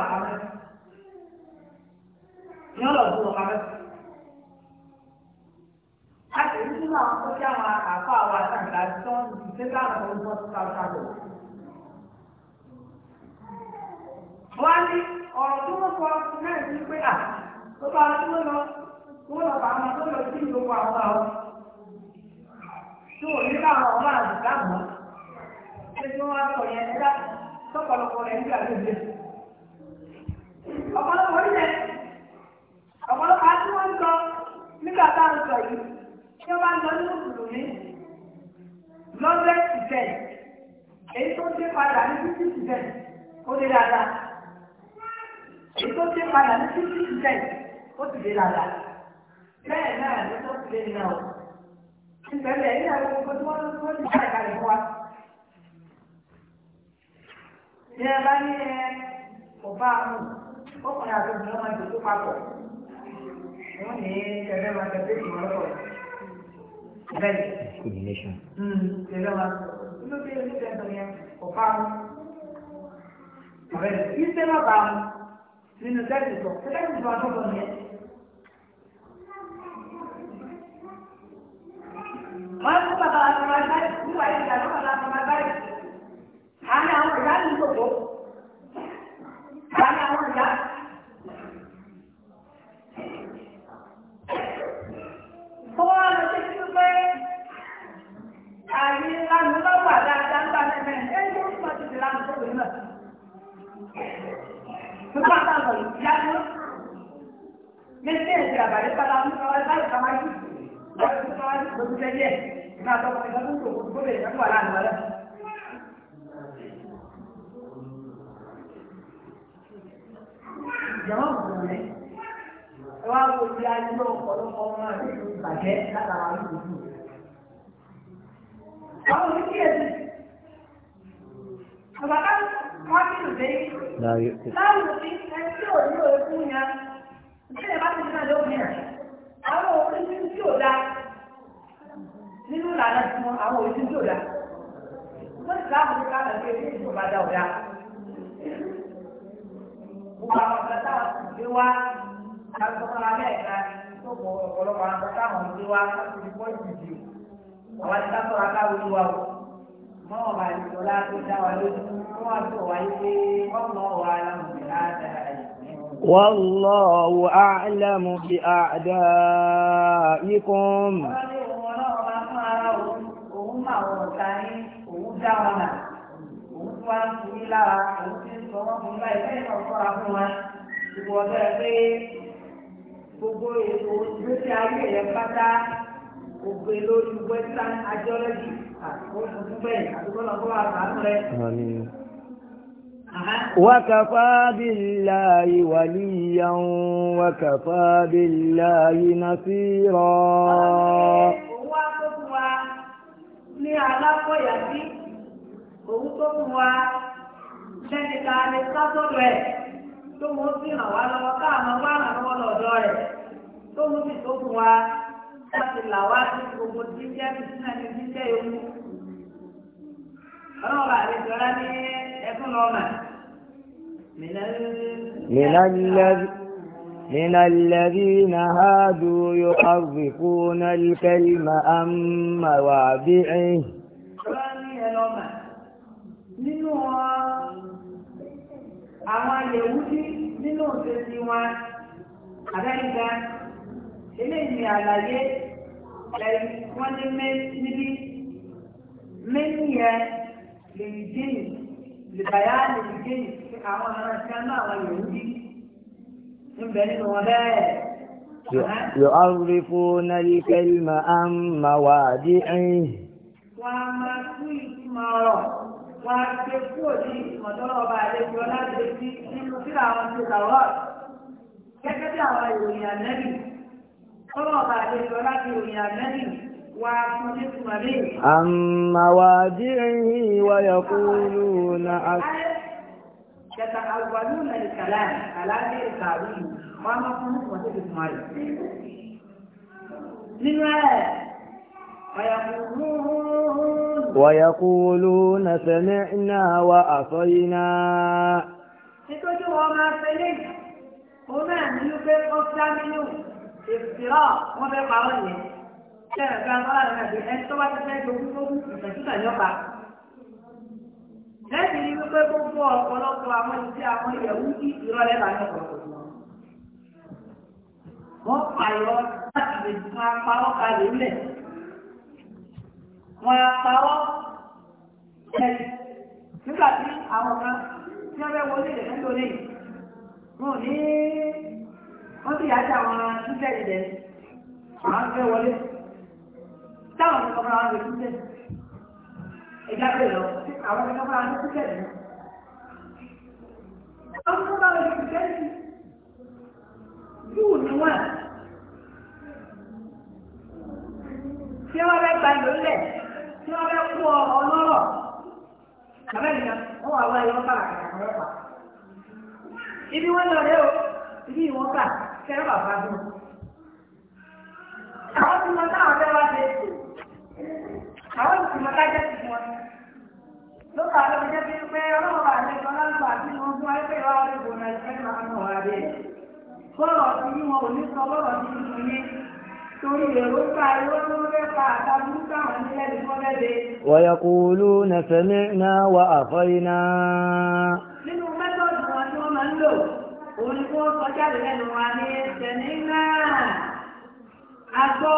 ni wọ́n lọ bú wọn a sì ń sínú àwọn sọ́jà àwọn àkọ́ àwọn àtàǹtà tó ń ṣe láwọn ọmọ tó ta ọ̀tá wọ́n á ní ọ̀rọ̀ tó náà pé à tó bá tó lọ tó lọ bá wọn tó lọ sí ìlú ẹni tí sọ yẹn ẹ̀dá tọ́pọ̀lọpọ̀ rẹ̀ nígbà tó dé. ọ̀pọ̀lọpọ̀ orílẹ̀ ọ̀pọ̀lọpọ̀ àti wọ́n sọ nígbà tá à sọ yìí tí wọ́n bá ń lọ nínú mùsùlùmí lọ́dẹ̀ ìfẹ́ èyí tó dé padà ní títí ìfẹ́ ó dé dáadáa èyí tó dé padà ní títí ìfẹ́ ó ti dé dáadáa bẹ́ẹ̀ náà ló tó ti dé nínú ọ̀ ìfẹ́ lẹ̀ ní àwọn gbogbo tí wọ́n ń sọ fún wa bí ẹ ní ẹ kò bá ọkùnrin àti obìnrin máa dòdò papọ̀ wọ́n ní ẹgbẹ́ máa tẹ̀lé ìmọ̀ bẹ́ẹ̀ coordination hmm, ẹgbẹ́ máa inú bí ẹni tẹ̀sán yẹn kò bá bẹ́ẹ̀ iṣẹ́ náà bá a nínú tẹ́sí sọ tẹ́sí sọ àtọ́sọ yẹn. yẹn ìyàwó bàbá àtàwọn. ti gbàgbọ́ tó kó tó bẹ̀rẹ̀ sáfù wàhálà àná rẹ̀. ìjọba bùrù rẹ̀ ẹ wá wo ti ayé ọ̀pọ̀lọpọ̀ ọmọ àti ìbàjẹ́ látara ìdòdò. àwọn oníkíyèsí àbàkà wọn ní ìlú láwùjọ sí ẹni tí ò ní òye fún yẹn ní ìbá ti dín náà lóbi yẹn àwọn òfin tí ò dáa nínú ìlànà tí wọn àwọn òsì tó dá wọn ti láàbù ká lọ sí ẹgbẹ́ ìjọba dá ọdá gbogbo àwọn ọ̀gá táwọn sì gbé wá amẹ́ẹ̀ka tó pọ̀ ọ̀pọ̀lọpọ̀ àwọn ọ̀gá táwọn láti fi pọ́ọ̀jù jù àwọn ti dákọ̀ akáwọ̀ olúwa o mọ́ ọ̀gá ìṣọ̀lá tó dá wa lójú kí wọ́n tó wáyé pé ọ̀nà ọ̀wà alámùbí ládàá yìí. والله أعلم بأعدائكم mú àwọn ọ̀tá yín òun dá wọn nà òun tí wọ́n á fún yín lára òun tí ń sọ wọ́n fún yín láì fẹ́ẹ́ náà sọ́ra fún wa gbogbo ọ̀dọ́ ẹ pé gbogbo ètò ìgbésí ayé rẹ pátá ògbé lórí western ideology àtúkò tuntun bẹ́ẹ̀ àtúkò náà kó wà sàánú rẹ. وكفى بالله وليا وكفى بالله نصيرا ní alákọ̀yà sí òun tó fún wa lẹ́ni tá a sásọ̀dọ̀ ẹ̀ tó wọ́n sì ràn wá lọ́wọ́ káàmọ́ wá ràn lọ́wọ́ lọ́dọ̀ rẹ̀ tó wọ́n sì tó fún wa láti là wá sí gbogbo jíjẹ́ bìtínà ní jíjẹ́ ewu. ọlọ́run ní ẹkún lọ́mà. من الذين هادوا يحرفون الكلم أم مواضعه àwọn yẹ̀wúdí nínú òṣèlú wọn àbẹ́yìnká eléyìí àlàyé wọ́n ní níbi mẹ́niyẹ lèyìn jẹ́yìn lèbàyà lèyìn jẹ́yìn àwọn ará ti náà àwọn yẹ̀wúdí. يعرفون الكلم عن مواضعه وما wọ́n á ṣe kúrò ní ìmọ̀tọ́rọ̀ ọba àlejò láti fi nínú síra àwọn ti sàwọ́ gẹ́gẹ́ bí àwọn ìròyìn ànẹ́bì tọ́rọ̀ ọba àlejò láti ìròyìn ànẹ́bì wà fún ní tùmọ̀ ní. àmàwà díẹ̀ yìí wáyà kúrú náà yàtà àgbàlú nàìjíríà kàlàní kàlàní ìkàwé yìí wọn a máa fún un wọn tètè fún ayọ̀. nínú ẹ̀ ويقولون سمعنا وأطينا nítorí wọn máa fẹ́ lẹ́yìn òun náà ní wípé ọ̀sá nínú ìfìrà wọn fẹ́ parọ́ yẹn. ṣé ẹ̀ka ọlọ́run àti ẹni tó bá ti fẹ́ gbogbo ìfẹ̀sùn náà yọ̀ọ̀ba lẹ́yìn ní wípé gbogbo ọ̀pọ̀lọpọ̀ àwọn iṣẹ́ àwọn ìyẹ̀wù kí ìrọ̀lẹ́ là ní ọ̀pọ̀lọpọ̀ wọ́n pààyọ láti lè fún apáwọ́ kalẹ̀ ńlẹ̀ wọ́n apáwọ́ ẹ̀yìn nígbà tí àwọn kan tí wọ́n fẹ́ wọlé ìdẹ̀ nítorí wọn ní wọ́n sì yá sí àwọn ṣúṣẹ́ ìdẹ̀ àwọn fẹ́ wọlé táwọn ìjọba wọn lè ṣúṣẹ́ ẹja pè lọ àwọn ẹja máa ní kúkẹ́ ní. àwọn tó bá wọlé kúkẹ́ ní yóò ní wọn. tí wọ́n bẹ gba ìlú lẹ̀ tí wọ́n bẹ kú ọlọ́rọ̀ àbẹ́lẹ̀ wọn wà wọ́n ẹ̀yọ́ bàrà kàkà ọlọ́pàá. ibi wọn lọ rẹ o ibi ìwọ̀n bà kẹ́rọ̀ bàbá dùn. àwọn tí wọn táwọn fẹ́ wá dé àwọn olùsìnmọ́ kájẹ́ sí wọn ló kà ló jẹ́ bí pé ọlọ́wọ́ bá àti ìtọ́ lálùbọ̀ àti ìwọ̀n fún ayé pé ìwà ìbò náà máa ń wà dé bọ́ọ̀rọ̀ tí wọn ò ní sọ bọ́ọ̀rọ̀ tí wọn ní torí èrò pa ìwọ́n tó fẹ́ pa àtàkùn táwọn nílẹ̀ nìkan lẹ́dẹ̀. ويقولون سمعنا وأطعنا. nínú mẹ́tọ̀dù wọn tí wọ́n máa ń lò òun ni kí sọ jáde lẹ́nu wa ní sẹ̀mínà àgbọ̀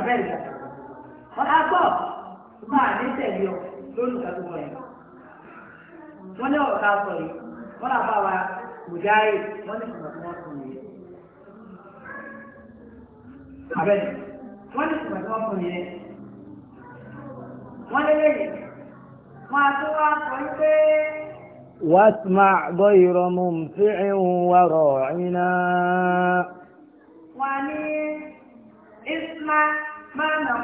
amẹ́ríkà wọ́n á gbọ́ ṣùgbọ́n àní tẹ̀lé ọ tó wọ̀ wọ́n ní ọ̀rọ̀ sọ yìí wọ́n làbá wa kò járe wọ́n ní ìgbà tí wọ́n wọ́n ní yẹn wọ́n lé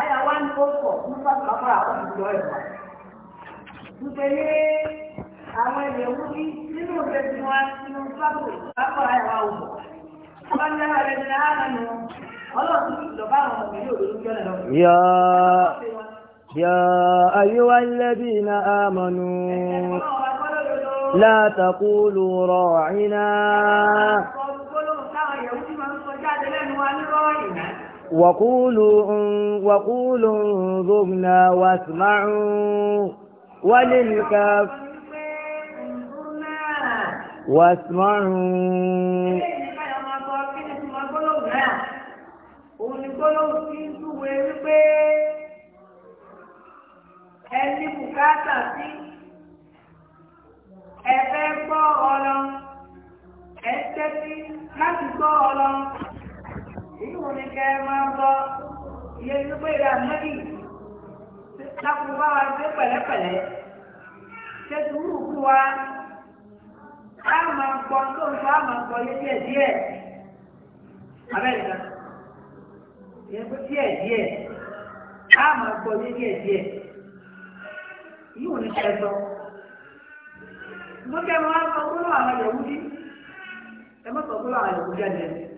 àyà wá ní ó pọ̀ ní sọ́ọ̀tù àwọn ìjọ ẹ̀ wá. Nítorí àwọn ènìyàn wú ní nínú ìgbé tí wọ́n nínú sọ́ọ̀tù lọ́kọ́ra ẹ̀ wá wù. Wọ́n ní àwọn ẹni náà nù ọlọ́run ìjọba àwọn ọmọ ìlú òdòdó jọ́ يا أيها الذين آمنوا لا تقولوا راعنا وقولوا وقولوا انظرنا واسمعوا وللكاف واسمعوا ẹni gbọ́ ọlọ ẹ tẹ́tí láti gbọ́ ọlọ. ìwọ̀n ni kẹ́ ẹ máa bọ́ iye ní pé ìyá mẹ́rin lákùn bá wa dé pẹ̀lẹ́pẹ̀lẹ́ ṣé sùúrù kú wa á máa gbọ́ tó ń sọ á máa gbọ́ yé díẹ̀ díẹ̀ abẹ́rẹ́ náà yẹ kó díẹ̀ díẹ̀ á máa gbọ́ yé díẹ̀ díẹ̀ yíwò ní kẹ́ ẹ sọ mo kẹ́ máa sọ àwọn yòówù ẹ má sọ àwọn yòówù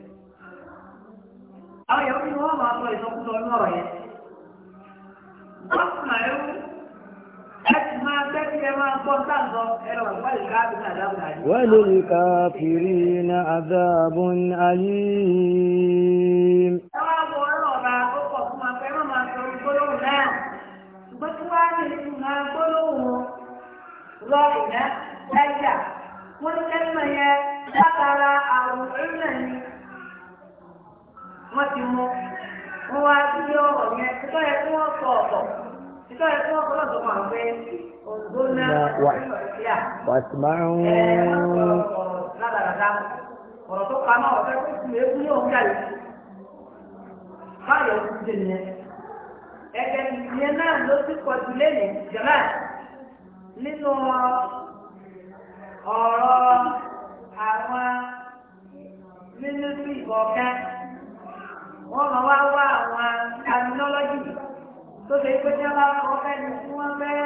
àwọn ìyàwó ni wọ́n máa sọ ìsọkúsọ ní ọ̀rọ̀ yẹn. wọ́n sì máa ń ẹ ti máa tẹ́tí ẹ máa gbọ́ sáǹsọ ẹ̀rọ وللكافرين عذاب أليم رأينا أيضا والكلمة هي ذكر أو علمني wọ́n ti mú wọ́n wá sí ọ̀rọ̀ yẹn títọ́ yẹ kí wọ́n sọ ọ̀tọ̀ títọ́ yẹ kí wọ́n sọ lọ́dọ̀ máa pé ògbóná ìfọ̀síà ẹ̀ẹ́dọ́gbọ̀n ládàradà ọ̀rọ̀ tó pa náà ọ̀fẹ́ kó kú ewu ní òun jáde báyọ̀ ti dè nìyẹn ẹ̀ẹ́dẹ̀ ìyẹn náà ló ti pọ̀ jù lẹ́yìn jẹ̀mẹ́ nínú ọ̀rọ̀ àwọn mínísírì kọ̀ọ̀kan wọ́n máa wá wá àwọn terminology tó ṣe pé tí wọ́n bá kọ́ fẹ́ tí wọ́n fẹ́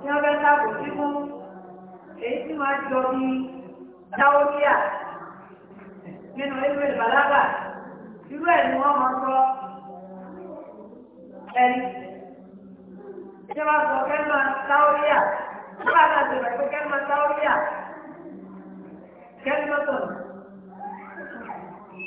tí wọ́n fẹ́ sábò sí fún èyí tí wọ́n á jọ bí táwọ́bíà nínú ìlú ìbàlágà irú ẹ̀ ni wọ́n máa sọ ẹ̀rí tí wọ́n sọ kẹ́mà táwọ́bíà tí wọ́n á sọ kẹ́mà táwọ́bíà kẹ́mà tọ̀nù.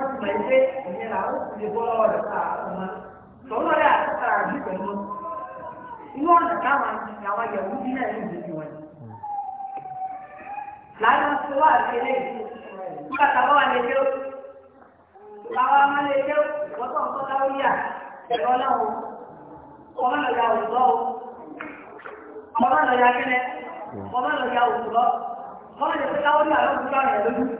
wọ́n ti mọ̀ ẹgbẹ́ ìyẹn làwọn ti lè bọ́ lọ́wọ́ rẹ̀ sáà ọmọ tọ́lọ́ rẹ̀ àtàrà àbí pẹ̀lú inú ọ̀nà táwọn àwọn yẹ̀wù bí náà yóò débi wọn. láyé wọn ti wá àti eléyìí nígbà táwọn wà lè kéwò táwọn wà lè kéwò ìwọ́sọ̀ nǹkan táwọn yà ẹ̀rọ náà o ọmọ lọ ya òwúrọ̀ o ọmọ lọ ya kẹ́lẹ́ ọmọ lọ ya òwúrọ̀ ọmọ lè yà lọ́kùnrin àwọn yà lójú.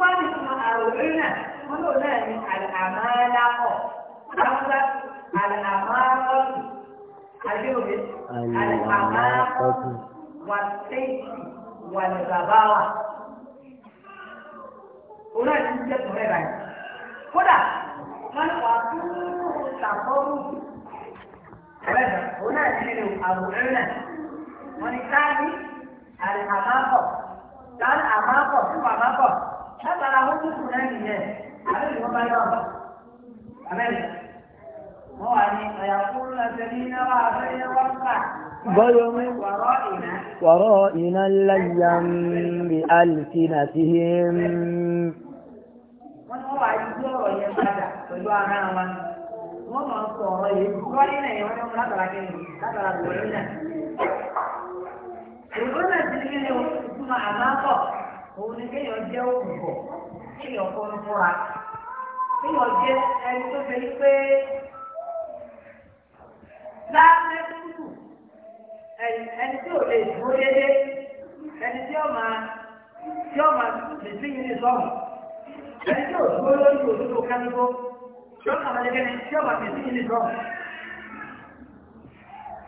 wọ́n ní fún àròyìn náà wọ́n lò náà ní àlàmálákọ̀ àbúrò àlàmálákọ̀ àdéhùn àlàmálákọ̀ wà séèkì wà ní bàbá wa. òun náà ti ń jẹ́ tòun káàdì àlàmákọ̀ táwọn àmákọ̀ fún bàbá látara ó tún kùn náà nìyẹn àbẹ́lẹ̀ wọn bá yọ àbẹ́lẹ̀ wọn wà ní ọ̀yà kúrú lọ́sẹ̀ ní náwó abẹ́lẹ̀ wọn kà. Gbọ́dọ̀mí wọ̀rọ̀ iná láyà ń rí àlùfínà sí i. Wọ́n ní wọ́n wá yí ọ̀rọ̀ yẹn padà pẹ̀lú ara wọn wọ́n máa ń sọ ọ̀rọ̀ yìí kọ́ nílẹ̀ yẹn wọ́n mú látara kí ni látara bòrí náà. Òdòdó náà ti ní kí ni o ìtumọ̀ àmọ́ àbọ̀ òun ni kéèyàn jẹ́ òkùnkùn kéèyàn kọ́ fúnra kéèyàn jẹ́ ẹni tó ṣe ní pé láàmé tútù ẹni tí ò lè dúró déédéé ẹni tí ó tí ó lè sí yìí ní sọ́ọ̀mù ẹni tí ò dúró lórí òdodo kánúgbó tí ó lè gẹ́ni tí ní sọ́ọ̀mù.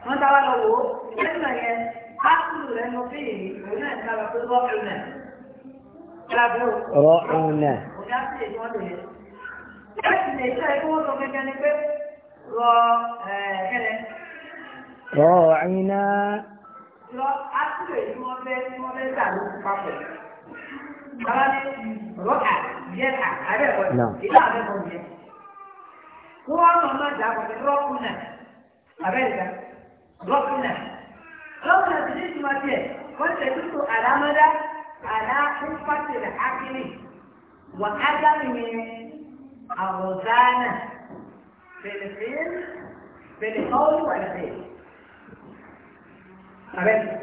wọ́n táwa lọ wò ó lẹ́nu yẹn bá túlù rẹ̀ lọ bí èyí òun náà ń sábà pé wọ́n náà rọ́ọ̀nà. rọ́ọ̀nà. Lọ ásìlè tí wọ́n fẹ́ tí wọ́n fẹ́ tà ló papọ̀. Bàbá ní rọ́ọ̀kà yẹ kà abẹ́kọ̀ọ́ ìlú abẹ́kọ̀ọ́ yẹ. Wọ́n mọ̀ máa dà pọ̀ rọ́ọ̀nà abẹ́ẹ̀ká rọ́ọ̀nà. على حفة العقل وعدم الرزانة في في القول بالقول والفعل طيب،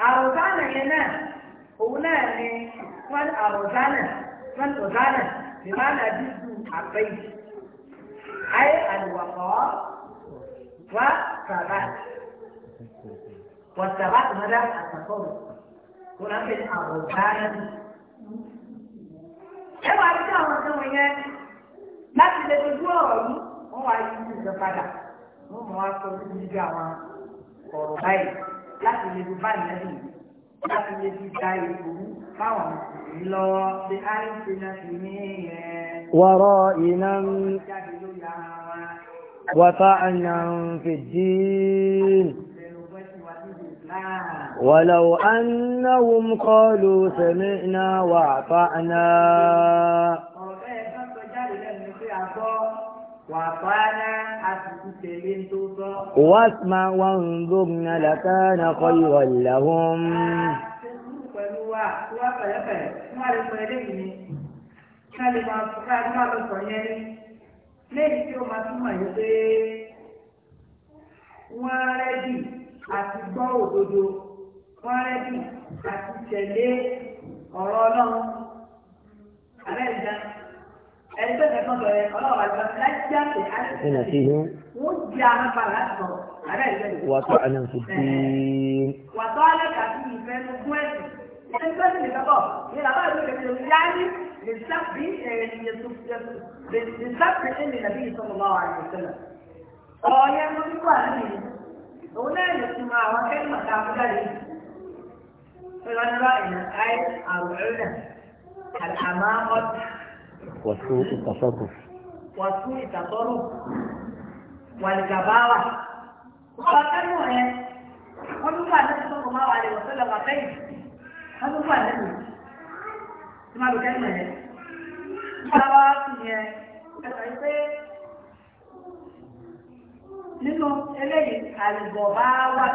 الرزانة هنا هنا من يعني الرزانة من الرزانة بما نجد البيت أي الوفاء والثبات والثبات ماذا؟ التصرف kóra pé àwọn ọ̀gáyà ni. ẹ wá sí àwọn tó wọn yẹn láti lè dojú ọ̀rọ̀ yìí wọ́n wá yí sí ìjọ wọ́n mọ̀ wá sọ sí níbi àwọn ọ̀rọ̀ báyìí láti lè dojú báyìí lẹ́yìn láti lè fi da èkó báwọn mùsùlùmí lọ́wọ́ ṣe àìsí náà sí ní ìyẹn. wọ́rọ̀ iná ń wọ́tá àyàn fìdí. ولو أنهم قالوا سمعنا وأطعنا واسمع وانظرنا لكان خيرا لهم lẹ́yìn tí ó àti gbọ́ òdodo wọ́n rẹ́dì àti tẹ̀lé ọ̀rọ̀ ọlọ́run àbẹ́ ìjà ẹni tó tẹ̀ fọ́n bẹ̀rẹ̀ ọlọ́run àti bàbá láti já pé àti tẹ̀lé wọ́n di àwọn bàbá láti bọ̀ àbẹ́ ìjà ìjà. wàtọ́ àná fi fi. wàtọ́ alẹ́ kàfi ìfẹ́ nu fún ẹ̀sìn ẹni tó sì lè sọ́kọ̀ ní làbá ìlú kẹsì òun yá ní lè sábì lè sábì ẹni nàbí ìsọ̀rọ̀ òun náà lè tún máa àwọn kẹ́lìmọ̀ tá a fún jáde yìí pẹ̀lú ọdún báyìí ní ayé àwòrán àlàmà ọ̀tí. wàsú ìtàsọ́kù. wàsú ìtàsọ́rù wàlìgàbáwà. ọ̀rọ̀ kẹ́lìmọ̀ yẹn wọ́n tún fún àdéhùn tó kọ̀ máa wà lè wọ́n sọ́lọ̀ wà fẹ́yìn wọ́n tún fún àdéhùn tó máa lò kẹ́lìmọ̀ yẹn. ìjọba wa kù yẹn ẹ̀sọ̀ nínú eléyìí àlùbọ̀bá wà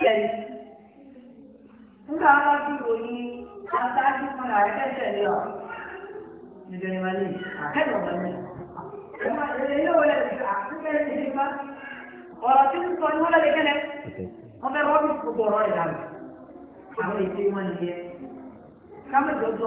kẹ́rì. Nígbà wọn ti ròyìn aṣáájú fúnra ẹ̀kẹ́sẹ̀ ni ọ̀. Nígbà wọn ni àkẹ́lọ̀ wọn ni. Ẹ̀ma ìrẹ̀lẹ̀ yóò lẹ̀ sí àkúkẹ́ ní ìgbà. Ọ̀rọ̀ tí ń sọ ni wọ́n lè kẹ́lẹ̀. Wọ́n fẹ́ rọ́bì gbogbo ọ̀rọ̀ ìlànà. Àwọn èdè wọn ni yẹ. Kámẹ́jọ jọ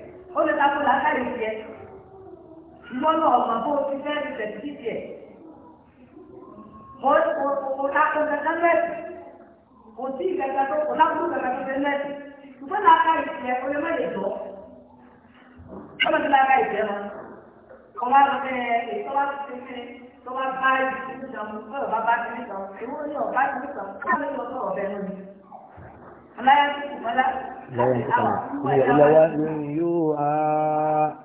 ó lè takò látàrí tiẹ̀ lọ́nà ọ̀gbọ̀n bó ti fẹ́ tẹ̀sí sí tiẹ̀ kò takò kankan lẹ́sì kò sí ìgbàgbà tó kò lábúrú kankan tó fẹ́ lẹ́sì ṣùgbọ́n látàrí tiẹ̀ ó lè má lè gbọ́ ọmọ ti látàrí tiẹ̀ mọ́ kọ́ wá lọ bẹ́ẹ̀ èyí tó wá ti fẹ́ tó bá bá ìdílé kan tó bá bá ìdílé kan èwo ni ọ̀bá ìdílé kan kí wọ́n lè lọ sọ̀rọ̀ bẹ́ẹ̀ lónìí. لا ينطق عنه إلا وحي يوحى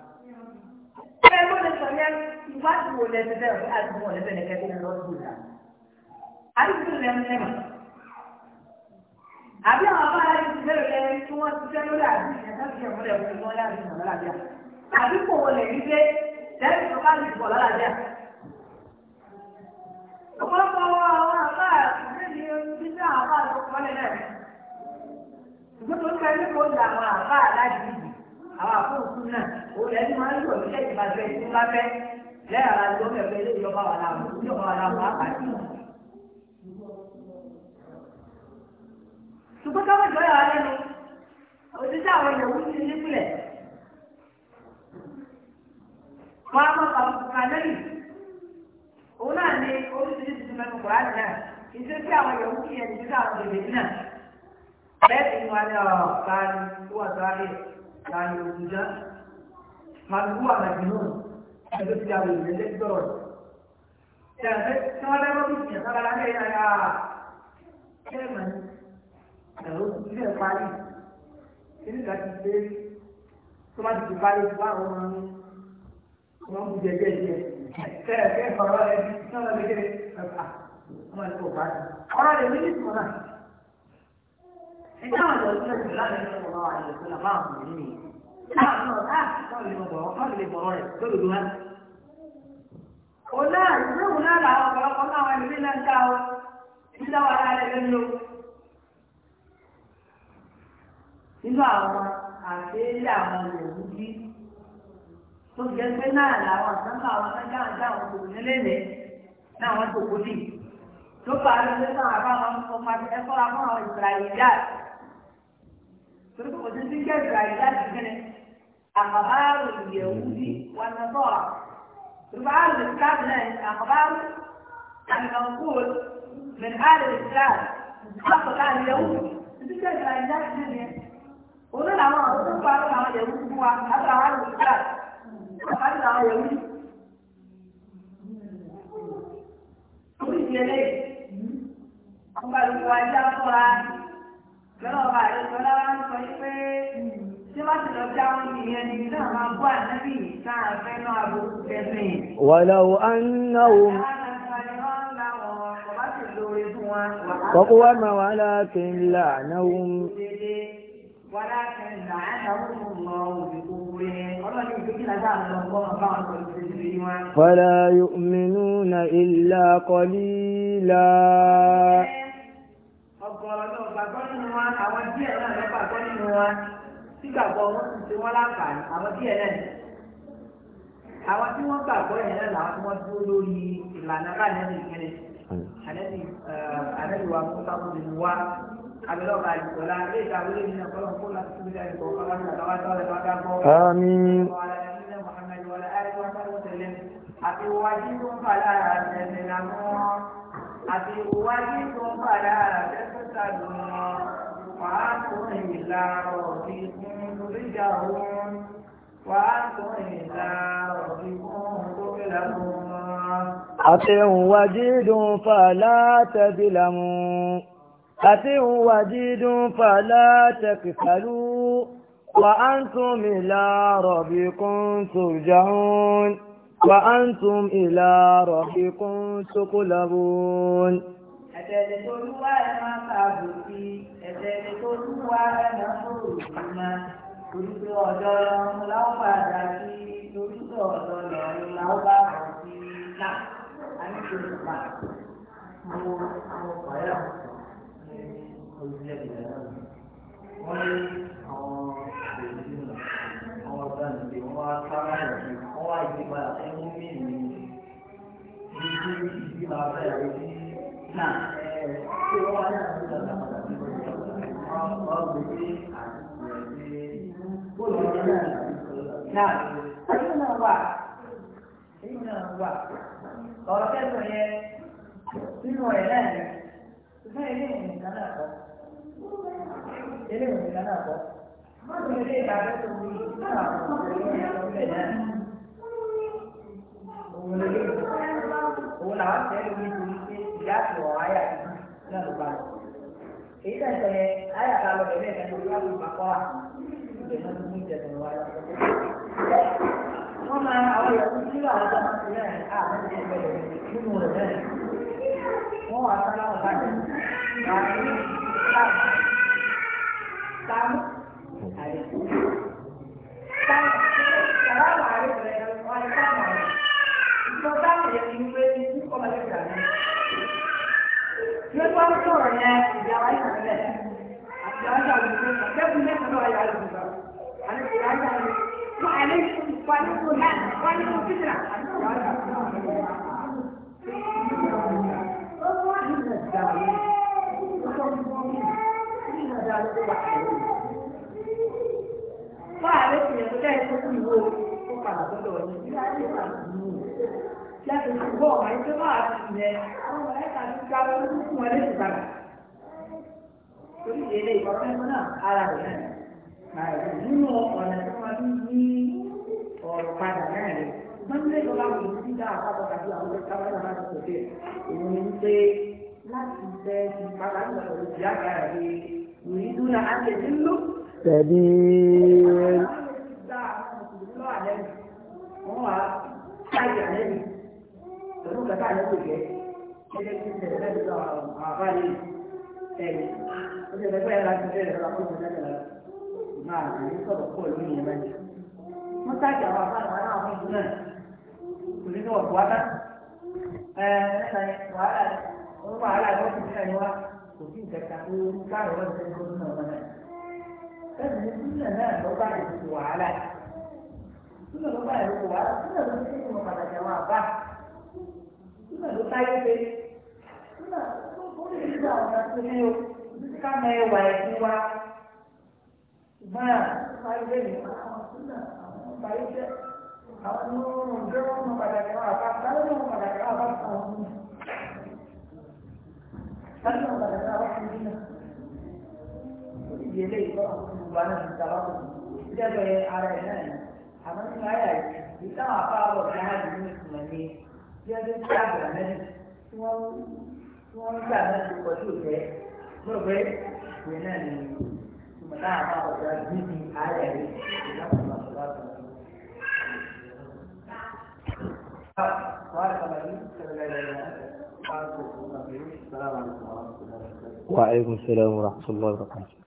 àbí àwọn ọmọ aláàbí ti bẹ̀rẹ̀ lẹ́yìn tí wọ́n ti tẹ́lú láàbí ìyẹn tó fi ṣẹ̀mọ́lẹ̀ òun ìwọ́n láàbí ìwọ̀n lálàáfíà àbí kò wọlé rí pé lẹ́yìn tó bá lè bọ̀ lálàáfíà. ọ̀pọ̀lọpọ̀ àwọn àwọn àbá àti bẹ́ẹ̀ ni ojú tí àwọn àbá àti ọkọ̀ lẹ́yìn ṣùgbọ́n tó ń ka ilé àwọn àbá aládìyí àwọn àfóòkú náà òun ẹni máa ń lò ní ṣẹ́yìn ìbàjẹ́ ìdí bá fẹ́ lẹ́yìn ara ló mẹ́fẹ́ lé ìjọba wà láàmú ìjọba wà láàmú àpàtì. ṣùgbọ́n káwọn ìjọ yàrá lẹ́nu òṣìṣẹ́ àwọn ìyàwó ti nípìnlẹ̀ wọn á máa kà lẹ́yìn òun náà ní oríṣiríṣi mẹ́nu kùrá náà ìṣesí àwọn ìyàwó kìí لكن هذا كان هو ذلك كان يوجد هل هو مجنون يرجع للدكتور هذا ما بيجي هذا لا هي يا كمان لو تجي بالي ini láti pé tó bá ti di balẹ̀ tó bá wọn máa ń wọn bu jẹjẹ jẹ kẹ ẹ fẹ ọ̀rọ̀ ẹ náà lè kéde ọmọ ẹ kò bá ti ọ̀rọ̀ rẹ ní ìtumọ̀ náà ìtàn àjọ ìṣẹ̀lẹ̀ ìṣẹ̀lẹ̀ láti ẹni ọmọ àwọn àjọ ìṣẹ̀lẹ̀ máa ń bọ̀ nínú láàánú ọ̀tá káàlì lè bọ̀rọ̀ káàlì lè bọ̀rọ̀ rẹ̀ lódodo wa. ọ̀la ìṣẹ́wò náà làwọn ọ̀pọ̀lọpọ̀ náà wà nílé náà dá o nígbà wà láàrẹ̀ lẹ́nu o. nínú àwọn àṣeyẹ àwọn ìyẹ̀wù bí tó jẹ́ pé náà làwọn àtàkà àwọn ọ̀gá àti àwọn òṣèlú lẹ́lẹ̀ náà wọ́n tó kó dì. tó bá a lọ sí àwọn àbáwọn ọmọ ẹ̀fọ́ torí pé òṣèlú ti jẹ́ ìgbà yìí láti gbẹ́ni àkàbárò yẹ̀wùdí wọn náà sọ̀rọ̀ torí pé àrùn ìsìláàmù náà àkàbárò àmìkànkúl من آل الإسلام حصل آل اليهود ti jẹ́ ìgbà yìí láti gbẹ́ni òun náà àwọn àwọn tó ń pa àwọn àwọn yẹ̀wùdí fún wa àbúrò àwọn àrùn ìsìláàmù àbúrò àwọn yẹ̀wùdí. orí ìdílé lẹ́yìn wọ́n bá lù wá ẹja fúnra lọ́nà ọba àdéhùn ọlá wa ń sọ pé tí wọ́n ti lọ sí àwọn ènìyàn ní náà máa bọ́ ànábì náà fẹ́ náà aburú tẹ́sìn. wàlàó anáwó. وقوم ولكن لعنهم ولكن لعنهم الله فلا يؤمنون إلا قليلا ọ̀gọ̀rọ̀ náà gbàgbọ́ nínú wa àwọn díẹ̀ náà lọ gbàgbọ́ nínú wa tí gbàgbọ́ wọn ti ṣe wọ́n láǹfààní àwọn díẹ̀ náà ni. àwọn tí wọ́n gbàgbọ́ yẹn náà làwọn tí wọ́n dúró lórí ìlànà káàdì ìkẹlẹ̀ àlẹ́bí wa mú sábò nínú wa abẹ́lọ́ba ìgbọ̀lá ilé ìtàwé lè nínú ọ̀pọ̀lọpọ̀ fún láti tún bíi ẹ̀kọ́ ọ̀pọ̀lọpọ̀ àtàwọn àtàwọn ẹ̀fọ́ àgbọ̀ àti wájú tó ń padà àtẹ̀sẹ̀ làmọ́ àti wájú tó ń padà àtẹ̀sẹ̀. يهتدون وأطع الله ربكم ترجعون وأطع الله ربكم تبلغون أطيعوا وجيدوا فلا تظلموا أطيعوا وجيدوا فلا تكفلوا وأنتم إلى ربكم ترجعون وأنتم إلى ربكم تقلبون ẹ̀ṣẹ̀ ni tó lúwa ẹ̀ máa kààbò sí ẹ̀ṣẹ̀ ni tó lúwa ẹ̀ máa kúrò sí ma orúkọ ọ̀dọ́ lọ́run láwọn padà sí orúkọ ọ̀dọ́ lọ́run láwọn bá sí ká àní tó mo mo pààyà ní olùdíje wọ́n ní àwọn òṣèlú àwọn ọ̀gá nìyí wọ́n wá sára ẹ̀sìn wọ́n wá yí padà ẹ̀mú mi nìyí. Ibi ìdí máa bẹ̀rẹ̀ sí Náà, ẹ̀yin náà wà, ẹ̀yin náà wà, ọ̀rọ̀ kẹ́sàn yẹn nínú ẹ̀ náà ni, ṣùgbọ́n ilé ìwé nìkan náà kọ́, ilé ìwé nìkan náà kọ́, wọ́n ti ilé ìdájọ́ tó ní ìdára àwọn ọmọ ìyá láti wọ̀ ayà náà ló bá lọ. èyí náà sọ yẹn ayà lọ bẹ̀rẹ̀ ẹ̀ka ló bá lọ kọ́ wa ìgbẹ́ náà mú ìjẹ̀dọ̀ wa lọ. wọ́n máa àwọn ìyàwó tí wọ́n àwọn ọmọ ti rẹ̀ àwọn ti bẹ̀rẹ̀ nínú rẹ̀ bẹ́ẹ̀. wọ́n wà sọ́lá wọn bá jẹ̀ táàmù táàmù táàmù. wá ní sọ̀rọ̀ yẹn ìyá wa yà lẹ̀ àti àwọn ìyá òun ṣe àtẹ́kùn mẹ́ta náà yà lù lọ àti ìyá yà lẹ̀ wọ́n àlẹ́ wà ní kò náà wà ní kò fìdíra àti ìyá yà Fáàlẹ́ tìyẹ̀ tó dá ẹ̀kọ́ sí ìwé o, ó padà tó lọ ní ìyá yà lù láti bọ̀ wá ní pé máa ti yẹ àwọn mọ̀lẹ́ta ti ga lórí fún wọn léṣe gbàgbà. Torí ìdílé ìfọ̀fẹ́fọ́ náà ara rẹ̀ náà nínú ọ̀nà tí wọ́n ti ní ọ̀rọ̀ padà náà rẹ̀. Gbọ́dọ̀ lọ́la wò ó sí dáa pápọ̀ tàbí àwọn ọ̀rẹ́ káwọn náà láti sọ̀tẹ̀. Òun ni pé láti Tẹ̀bí. Wọ́n wá ṣáàjì àlẹ́ mi. 弄个大人回去，天天去写那个啊，外语，哎，而且在贵阳来这个老婆婆在这里，啊，每天做的活儿也蛮多。我打电话，他来了，他说呢，昨天给我发的，哎，完了，我买了，我昨天又买，昨天才讲，我家里那个东西弄完了，但是你今天呢，老板又不来了，今天老板又不来了，今天老板怎么打电话？爸。nígbà tó ara ẹ̀ náà àmọ́ nígbà yà ìtàn àpá àbọ̀ ní àdìmí ìsìnlẹ̀ وعليكم السلام ورحمة الله وبركاته